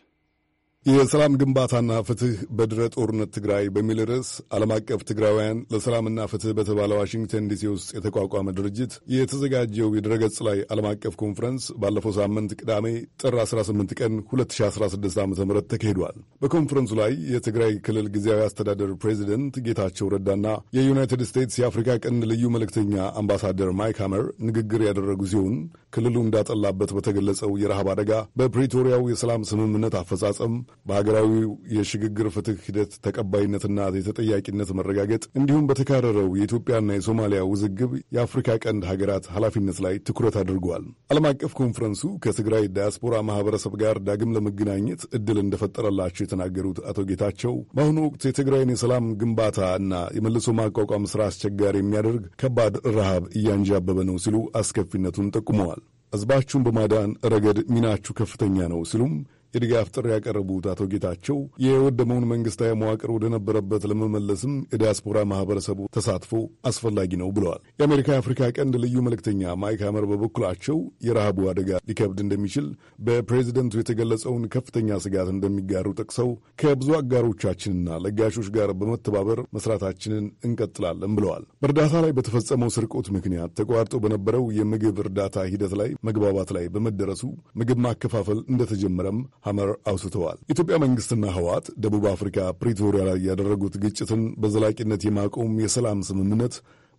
የሰላም ግንባታና ፍትህ በድረ ጦርነት ትግራይ በሚል ርዕስ ዓለም አቀፍ ትግራውያን ለሰላምና ፍትህ በተባለ ዋሽንግተን ዲሲ ውስጥ የተቋቋመ ድርጅት የተዘጋጀው የድረገጽ ላይ ዓለም አቀፍ ኮንፈረንስ ባለፈው ሳምንት ቅዳሜ ጥር 18 ቀን 2016 ዓ ም ተካሂዷል። በኮንፈረንሱ ላይ የትግራይ ክልል ጊዜያዊ አስተዳደር ፕሬዚደንት ጌታቸው ረዳና የዩናይትድ ስቴትስ የአፍሪካ ቀንድ ልዩ መልእክተኛ አምባሳደር ማይክ ሃመር ንግግር ያደረጉ ሲሆን ክልሉ እንዳጠላበት በተገለጸው የረሃብ አደጋ በፕሪቶሪያው የሰላም ስምምነት አፈጻጸም በሀገራዊው የሽግግር ፍትህ ሂደት ተቀባይነትና የተጠያቂነት መረጋገጥ እንዲሁም በተካረረው የኢትዮጵያና የሶማሊያ ውዝግብ የአፍሪካ ቀንድ ሀገራት ኃላፊነት ላይ ትኩረት አድርጓል። ዓለም አቀፍ ኮንፈረንሱ ከትግራይ ዲያስፖራ ማህበረሰብ ጋር ዳግም ለመገናኘት እድል እንደፈጠረላቸው የተናገሩት አቶ ጌታቸው በአሁኑ ወቅት የትግራይን የሰላም ግንባታ እና የመልሶ ማቋቋም ስራ አስቸጋሪ የሚያደርግ ከባድ ረሃብ እያንዣበበ ነው ሲሉ አስከፊነቱን ጠቁመዋል። ህዝባችሁን በማዳን ረገድ ሚናችሁ ከፍተኛ ነው ሲሉም የድጋፍ ጥሪ ያቀረቡት አቶ ጌታቸው የወደመውን መንግስታዊ መዋቅር ወደነበረበት ለመመለስም የዲያስፖራ ማህበረሰቡ ተሳትፎ አስፈላጊ ነው ብለዋል። የአሜሪካ የአፍሪካ ቀንድ ልዩ መልእክተኛ ማይክ ሀመር በበኩላቸው የረሃቡ አደጋ ሊከብድ እንደሚችል በፕሬዚደንቱ የተገለጸውን ከፍተኛ ስጋት እንደሚጋሩ ጠቅሰው ከብዙ አጋሮቻችንና ለጋሾች ጋር በመተባበር መስራታችንን እንቀጥላለን ብለዋል። በእርዳታ ላይ በተፈጸመው ስርቆት ምክንያት ተቋርጦ በነበረው የምግብ እርዳታ ሂደት ላይ መግባባት ላይ በመደረሱ ምግብ ማከፋፈል እንደተጀመረም ሐመር አውስተዋል። ኢትዮጵያ መንግስትና ህወሓት ደቡብ አፍሪካ ፕሪቶሪያ ላይ ያደረጉት ግጭትን በዘላቂነት የማቆም የሰላም ስምምነት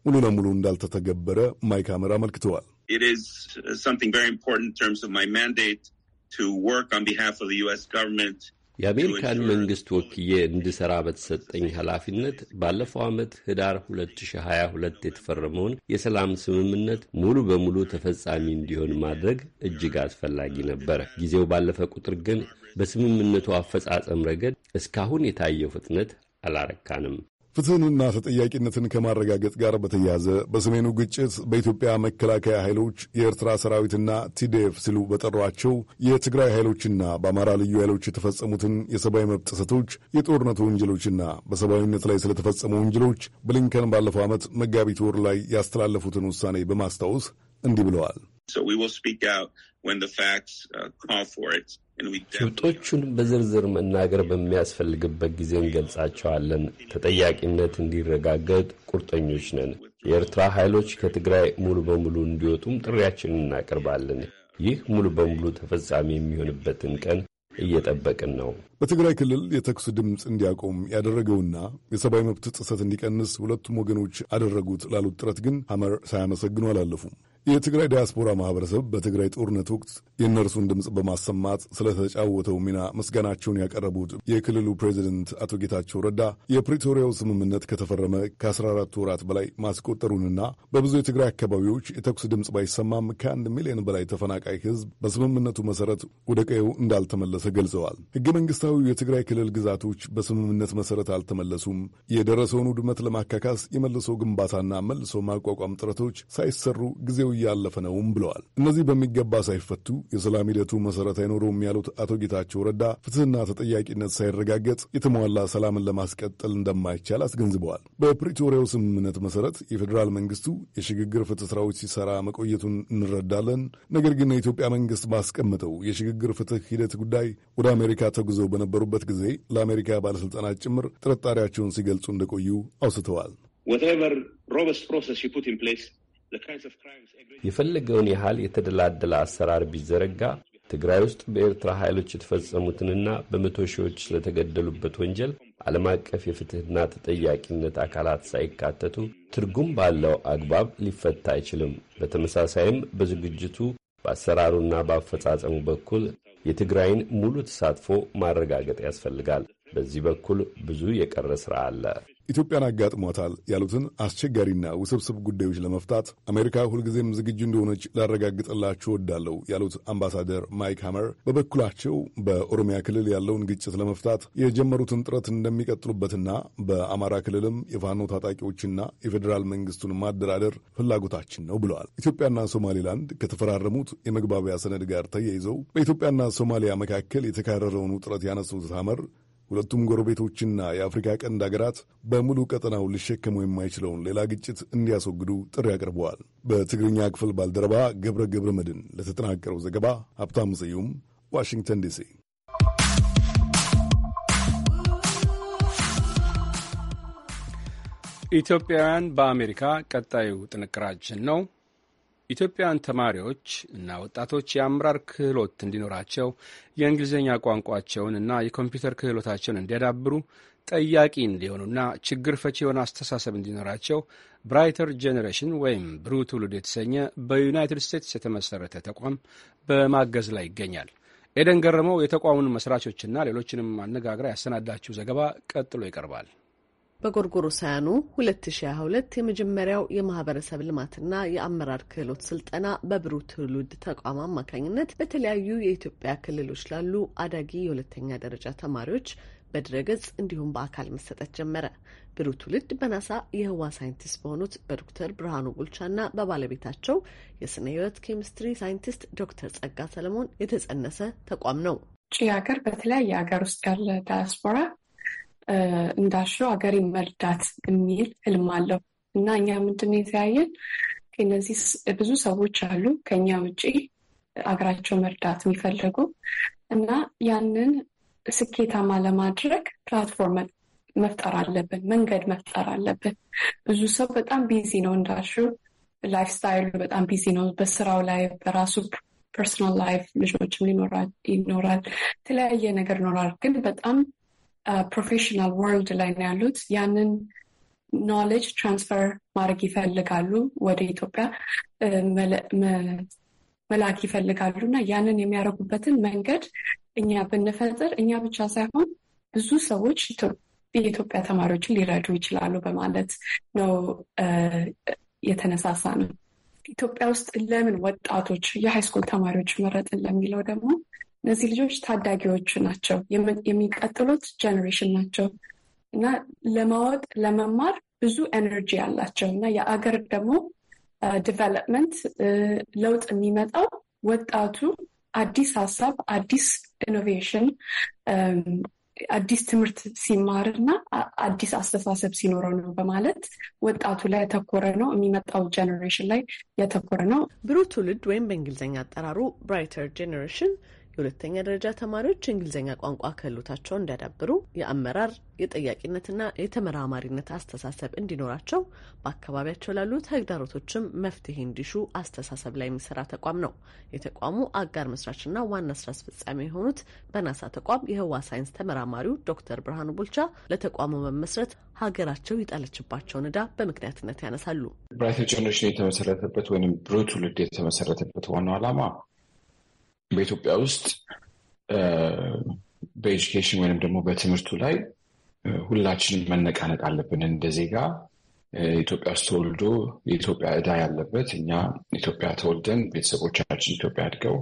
ሙሉ ለሙሉ እንዳልተተገበረ ማይክ ሐመር አመልክተዋል። የአሜሪካን መንግስት ወክዬ እንድሠራ በተሰጠኝ ኃላፊነት ባለፈው ዓመት ህዳር 2022 የተፈረመውን የሰላም ስምምነት ሙሉ በሙሉ ተፈጻሚ እንዲሆን ማድረግ እጅግ አስፈላጊ ነበር። ጊዜው ባለፈ ቁጥር ግን በስምምነቱ አፈጻጸም ረገድ እስካሁን የታየው ፍጥነት አላረካንም። ፍትህንና ተጠያቂነትን ከማረጋገጥ ጋር በተያያዘ በሰሜኑ ግጭት በኢትዮጵያ መከላከያ ኃይሎች የኤርትራ ሰራዊትና ቲዲኤፍ ሲሉ በጠሯቸው የትግራይ ኃይሎችና በአማራ ልዩ ኃይሎች የተፈጸሙትን የሰብአዊ መብት ጥሰቶች፣ የጦርነቱ ወንጀሎችና በሰብአዊነት ላይ ስለተፈጸሙ ወንጀሎች ብሊንከን ባለፈው ዓመት መጋቢት ወር ላይ ያስተላለፉትን ውሳኔ በማስታወስ እንዲህ ብለዋል። ጭብጦቹን በዝርዝር መናገር በሚያስፈልግበት ጊዜ እንገልጻቸዋለን። ተጠያቂነት እንዲረጋገጥ ቁርጠኞች ነን። የኤርትራ ኃይሎች ከትግራይ ሙሉ በሙሉ እንዲወጡም ጥሪያችንን እናቀርባለን። ይህ ሙሉ በሙሉ ተፈጻሚ የሚሆንበትን ቀን እየጠበቅን ነው። በትግራይ ክልል የተኩስ ድምፅ እንዲያቆም ያደረገውና የሰብአዊ መብት ጥሰት እንዲቀንስ ሁለቱም ወገኖች አደረጉት ላሉት ጥረት ግን ሐመር ሳያመሰግኑ አላለፉም። የትግራይ ዲያስፖራ ማህበረሰብ በትግራይ ጦርነት ወቅት የእነርሱን ድምፅ በማሰማት ስለተጫወተው ሚና ምስጋናቸውን ያቀረቡት የክልሉ ፕሬዚደንት አቶ ጌታቸው ረዳ የፕሪቶሪያው ስምምነት ከተፈረመ ከ14 ወራት በላይ ማስቆጠሩንና በብዙ የትግራይ አካባቢዎች የተኩስ ድምፅ ባይሰማም ከአንድ ሚሊዮን በላይ ተፈናቃይ ህዝብ በስምምነቱ መሰረት ወደ ቀየው እንዳልተመለሰ ገልጸዋል። ህገ መንግስታዊ የትግራይ ክልል ግዛቶች በስምምነት መሰረት አልተመለሱም። የደረሰውን ውድመት ለማካካስ የመልሶ ግንባታና መልሶ ማቋቋም ጥረቶች ሳይሰሩ ጊዜው እያለፈ ነውም ብለዋል። እነዚህ በሚገባ ሳይፈቱ የሰላም ሂደቱ መሰረት አይኖረውም ያሉት አቶ ጌታቸው ረዳ ፍትህና ተጠያቂነት ሳይረጋገጥ የተሟላ ሰላምን ለማስቀጠል እንደማይቻል አስገንዝበዋል። በፕሪቶሪያው ስምምነት መሰረት የፌዴራል መንግስቱ የሽግግር ፍትህ ስራዎች ሲሰራ መቆየቱን እንረዳለን። ነገር ግን የኢትዮጵያ መንግስት ባስቀመጠው የሽግግር ፍትህ ሂደት ጉዳይ ወደ አሜሪካ ተጉዘው በነበሩበት ጊዜ ለአሜሪካ ባለስልጣናት ጭምር ጥርጣሬያቸውን ሲገልጹ እንደቆዩ አውስተዋል። የፈለገውን ያህል የተደላደለ አሰራር ቢዘረጋ ትግራይ ውስጥ በኤርትራ ኃይሎች የተፈጸሙትንና በመቶ ሺዎች ስለተገደሉበት ወንጀል ዓለም አቀፍ የፍትሕና ተጠያቂነት አካላት ሳይካተቱ ትርጉም ባለው አግባብ ሊፈታ አይችልም። በተመሳሳይም በዝግጅቱ በአሰራሩና በአፈጻጸሙ በኩል የትግራይን ሙሉ ተሳትፎ ማረጋገጥ ያስፈልጋል። በዚህ በኩል ብዙ የቀረ ሥራ አለ። ኢትዮጵያን አጋጥሟታል ያሉትን አስቸጋሪና ውስብስብ ጉዳዮች ለመፍታት አሜሪካ ሁልጊዜም ዝግጁ እንደሆነች ላረጋግጥላችሁ እወዳለሁ ያሉት አምባሳደር ማይክ ሃመር በበኩላቸው በኦሮሚያ ክልል ያለውን ግጭት ለመፍታት የጀመሩትን ጥረት እንደሚቀጥሉበትና በአማራ ክልልም የፋኖ ታጣቂዎችና የፌዴራል መንግስቱን ማደራደር ፍላጎታችን ነው ብለዋል። ኢትዮጵያና ሶማሌላንድ ከተፈራረሙት የመግባቢያ ሰነድ ጋር ተያይዘው በኢትዮጵያና ሶማሊያ መካከል የተካረረውን ውጥረት ያነሱት ሃመር ሁለቱም ጎረቤቶችና የአፍሪካ ቀንድ ሀገራት በሙሉ ቀጠናው ሊሸከመው የማይችለውን ሌላ ግጭት እንዲያስወግዱ ጥሪ አቅርበዋል። በትግርኛ ክፍል ባልደረባ ገብረ ገብረ መድን ለተጠናቀረው ዘገባ ሀብታም ስዩም ዋሽንግተን ዲሲ። ኢትዮጵያውያን በአሜሪካ ቀጣዩ ጥንቅራችን ነው። ኢትዮጵያውያን ተማሪዎች እና ወጣቶች የአምራር ክህሎት እንዲኖራቸው የእንግሊዝኛ ቋንቋቸውን እና የኮምፒውተር ክህሎታቸውን እንዲያዳብሩ ጠያቂ እንዲሆኑና ችግር ፈቺ የሆነ አስተሳሰብ እንዲኖራቸው ብራይተር ጄኔሬሽን ወይም ብሩህ ትውልድ የተሰኘ በዩናይትድ ስቴትስ የተመሠረተ ተቋም በማገዝ ላይ ይገኛል። ኤደን ገረመው የተቋሙን መስራቾችና ሌሎችንም አነጋግራ ያሰናዳችው ዘገባ ቀጥሎ ይቀርባል። ሳያኑ 2022 የመጀመሪያው የማህበረሰብ ልማትና የአመራር ክህሎት ስልጠና በብሩህ ትውልድ ተቋም አማካኝነት በተለያዩ የኢትዮጵያ ክልሎች ላሉ አዳጊ የሁለተኛ ደረጃ ተማሪዎች በድረገጽ እንዲሁም በአካል መሰጠት ጀመረ። ብሩህ ትውልድ በናሳ የህዋ ሳይንቲስት በሆኑት በዶክተር ብርሃኑ ቡልቻና በባለቤታቸው የስነ ህይወት ኬሚስትሪ ሳይንቲስት ዶክተር ጸጋ ሰለሞን የተጸነሰ ተቋም ነው። ውጭ ሀገር በተለያየ ሀገር ውስጥ ያለ ዳያስፖራ እንዳልሽው ሀገር መርዳት የሚል ህልም አለው እና እኛ ምንድን የተያየን እነዚህ ብዙ ሰዎች አሉ ከኛ ውጭ አገራቸው መርዳት የሚፈለጉ እና ያንን ስኬታማ ለማድረግ ፕላትፎርም መፍጠር አለብን፣ መንገድ መፍጠር አለብን። ብዙ ሰው በጣም ቢዚ ነው እንዳሹ ላይፍ ስታይሉ በጣም ቢዚ ነው በስራው ላይ በራሱ ፐርሶናል ላይፍ ልጆችም ይኖራል፣ የተለያየ ነገር ይኖራል። ግን በጣም ፕሮፌሽናል ወርልድ ላይ ነው ያሉት። ያንን ኖሌጅ ትራንስፈር ማድረግ ይፈልጋሉ፣ ወደ ኢትዮጵያ መላክ ይፈልጋሉ እና ያንን የሚያደርጉበትን መንገድ እኛ ብንፈጥር እኛ ብቻ ሳይሆን ብዙ ሰዎች የኢትዮጵያ ተማሪዎችን ሊረዱ ይችላሉ በማለት ነው የተነሳሳ ነው። ኢትዮጵያ ውስጥ ለምን ወጣቶች የሃይስኩል ተማሪዎች መረጥን ለሚለው ደግሞ እነዚህ ልጆች ታዳጊዎቹ ናቸው፣ የሚቀጥሉት ጀኔሬሽን ናቸው እና ለማወቅ ለመማር ብዙ ኤነርጂ አላቸው እና የአገር ደግሞ ዲቨሎፕመንት ለውጥ የሚመጣው ወጣቱ አዲስ ሀሳብ፣ አዲስ ኢኖቬሽን፣ አዲስ ትምህርት ሲማር እና አዲስ አስተሳሰብ ሲኖረው ነው በማለት ወጣቱ ላይ ያተኮረ ነው። የሚመጣው ጀኔሬሽን ላይ ያተኮረ ነው። ብሩህ ትውልድ ወይም በእንግሊዝኛ አጠራሩ ብራይተር ጀኔሬሽን የሁለተኛ ደረጃ ተማሪዎች እንግሊዝኛ ቋንቋ ክህሎታቸውን እንዲያዳብሩ የአመራር የጠያቂነትና የተመራማሪነት አስተሳሰብ እንዲኖራቸው በአካባቢያቸው ላሉ ተግዳሮቶችም መፍትሄ እንዲሹ አስተሳሰብ ላይ የሚሰራ ተቋም ነው። የተቋሙ አጋር መስራችና ዋና ስራ አስፈጻሚ የሆኑት በናሳ ተቋም የህዋ ሳይንስ ተመራማሪው ዶክተር ብርሃኑ ቡልቻ ለተቋሙ መመስረት ሀገራቸው የጣለችባቸውን እዳ በምክንያትነት ያነሳሉ። ብራይት የተመሰረተበት ወይም ብሩህ ትውልድ የተመሰረተበት ዋናው ዓላማ በኢትዮጵያ ውስጥ በኤጁኬሽን ወይም ደግሞ በትምህርቱ ላይ ሁላችንም መነቃነቅ አለብን። እንደ ዜጋ ኢትዮጵያ ውስጥ ተወልዶ የኢትዮጵያ እዳ ያለበት እኛ ኢትዮጵያ ተወልደን ቤተሰቦቻችን ኢትዮጵያ አድገው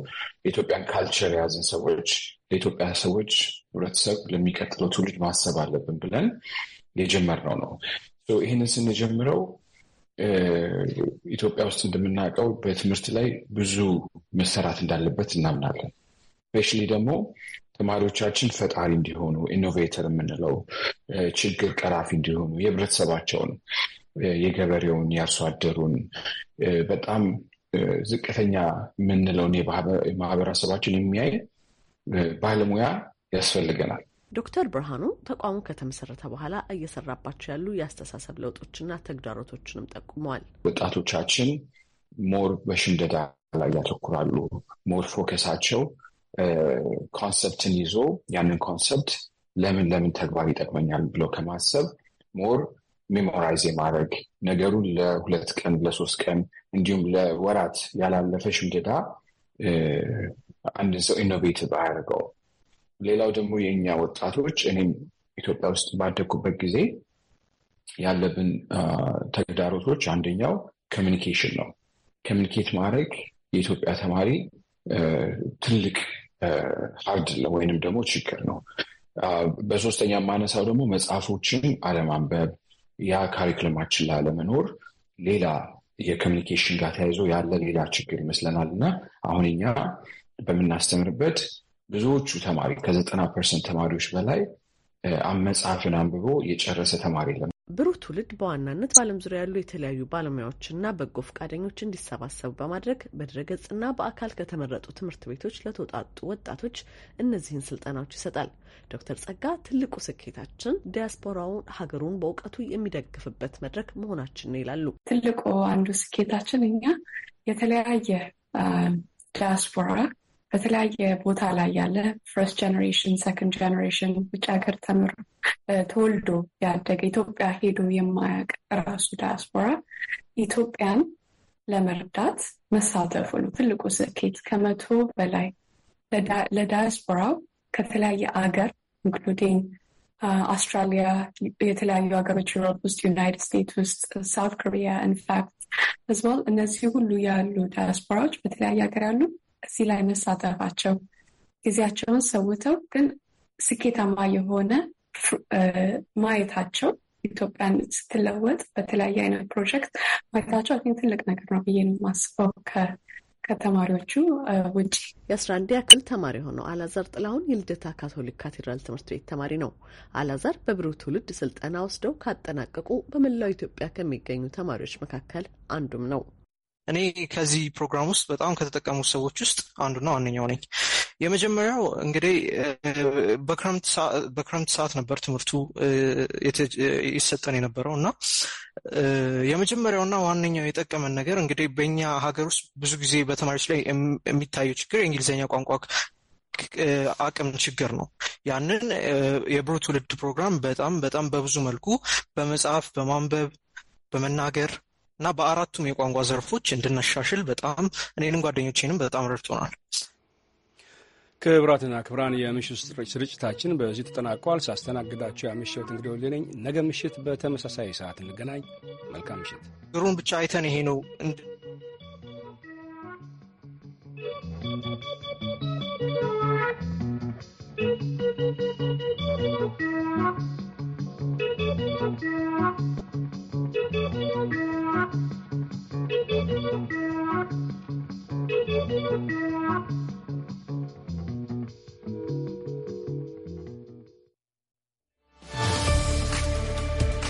የኢትዮጵያን ካልቸር የያዝን ሰዎች ለኢትዮጵያ ሰዎች ህብረተሰብ ለሚቀጥለው ትውልድ ማሰብ አለብን ብለን የጀመርነው ነው። ይህንን ስንጀምረው ኢትዮጵያ ውስጥ እንደምናውቀው በትምህርት ላይ ብዙ መሰራት እንዳለበት እናምናለን። ስፔሻሊ ደግሞ ተማሪዎቻችን ፈጣሪ እንዲሆኑ ኢኖቬተር የምንለው ችግር ቀራፊ እንዲሆኑ የህብረተሰባቸውን፣ የገበሬውን፣ የአርሶ አደሩን በጣም ዝቅተኛ የምንለውን የማህበረሰባችን የሚያይ ባለሙያ ያስፈልገናል። ዶክተር ብርሃኑ ተቋሙ ከተመሰረተ በኋላ እየሰራባቸው ያሉ የአስተሳሰብ ለውጦችና ተግዳሮቶችንም ጠቁመዋል። ወጣቶቻችን ሞር በሽምደዳ ላይ ያተኩራሉ። ሞር ፎከሳቸው ኮንሰፕትን ይዞ ያንን ኮንሰፕት ለምን ለምን ተግባር ይጠቅመኛል ብለው ከማሰብ ሞር ሜሞራይዝ የማድረግ ነገሩን ለሁለት ቀን ለሶስት ቀን እንዲሁም ለወራት ያላለፈ ሽምደዳ አንድን ሰው ኢኖቬቲቭ አያደርገውም። ሌላው ደግሞ የእኛ ወጣቶች እኔም ኢትዮጵያ ውስጥ ባደግኩበት ጊዜ ያለብን ተግዳሮቶች አንደኛው ኮሚኒኬሽን ነው። ኮሚኒኬት ማድረግ የኢትዮጵያ ተማሪ ትልቅ ሀርድ ወይንም ደግሞ ችግር ነው። በሶስተኛ የማነሳው ደግሞ መጽሐፎችን አለማንበብ፣ ያ ካሪክለማችን ላለመኖር ሌላ የኮሚኒኬሽን ጋር ተያይዞ ያለ ሌላ ችግር ይመስለናል እና አሁን እኛ በምናስተምርበት ብዙዎቹ ተማሪ ከዘጠና ፐርሰንት ተማሪዎች በላይ መጽሐፍን አንብቦ የጨረሰ ተማሪ የለም። ብሩህ ትውልድ በዋናነት በዓለም ዙሪያ ያሉ የተለያዩ ባለሙያዎችና በጎ ፈቃደኞች እንዲሰባሰቡ በማድረግ በድረገጽና በአካል ከተመረጡ ትምህርት ቤቶች ለተውጣጡ ወጣቶች እነዚህን ስልጠናዎች ይሰጣል። ዶክተር ጸጋ ትልቁ ስኬታችን ዲያስፖራውን ሀገሩን በእውቀቱ የሚደግፍበት መድረክ መሆናችን ነው ይላሉ። ትልቁ አንዱ ስኬታችን እኛ የተለያየ ዲያስፖራ በተለያየ ቦታ ላይ ያለ ፈርስት ጀኔሬሽን ሰከንድ ጀኔሬሽን ውጭ ሀገር ተምር ተወልዶ ያደገ ኢትዮጵያ ሄዶ የማያውቅ ራሱ ዳያስፖራ ኢትዮጵያን ለመርዳት መሳተፉ ነው ትልቁ ስኬት። ከመቶ በላይ ለዳያስፖራው ከተለያየ አገር ኢንክሉዲንግ አውስትራሊያ፣ የተለያዩ ሀገሮች ዩሮፕ ውስጥ፣ ዩናይትድ ስቴትስ ውስጥ፣ ሳውት ኮሪያ ኢንፋክት ህዝቧል እነዚህ ሁሉ ያሉ ዳያስፖራዎች በተለያየ ሀገር ያሉ እዚህ ላይ መሳተፋቸው ጊዜያቸውን ሰውተው ግን ስኬታማ የሆነ ማየታቸው ኢትዮጵያን ስትለወጥ በተለያየ አይነት ፕሮጀክት ማየታቸው አን ትልቅ ነገር ነው ብዬ የማስበው። ከተማሪዎቹ ውጭ የአስራ አንድ ያክል ተማሪ የሆነው አላዛር ጥላሁን የልደታ ካቶሊክ ካቴድራል ትምህርት ቤት ተማሪ ነው። አላዛር በብሩህ ትውልድ ስልጠና ወስደው ካጠናቀቁ በመላው ኢትዮጵያ ከሚገኙ ተማሪዎች መካከል አንዱም ነው። እኔ ከዚህ ፕሮግራም ውስጥ በጣም ከተጠቀሙት ሰዎች ውስጥ አንዱና ዋነኛው ነኝ። የመጀመሪያው እንግዲህ በክረምት ሰዓት ነበር ትምህርቱ ይሰጠን የነበረው እና የመጀመሪያውና ዋነኛው የጠቀመን ነገር እንግዲህ በእኛ ሀገር ውስጥ ብዙ ጊዜ በተማሪዎች ላይ የሚታየው ችግር የእንግሊዝኛ ቋንቋ አቅም ችግር ነው። ያንን የብሩህ ትውልድ ፕሮግራም በጣም በጣም በብዙ መልኩ በመጽሐፍ፣ በማንበብ፣ በመናገር እና በአራቱም የቋንቋ ዘርፎች እንድናሻሽል በጣም እኔንም ጓደኞቼንም በጣም ረድቶናል። ክብራትና ክብራን የምሽት ስርጭታችን በዚህ ተጠናቋል። ሳስተናግዳቸው ያመሸሁት እንግዲህ ወሌ ነኝ። ነገ ምሽት በተመሳሳይ ሰዓት እንገናኝ። መልካም ምሽት። ግሩን ብቻ አይተን ይሄ ነው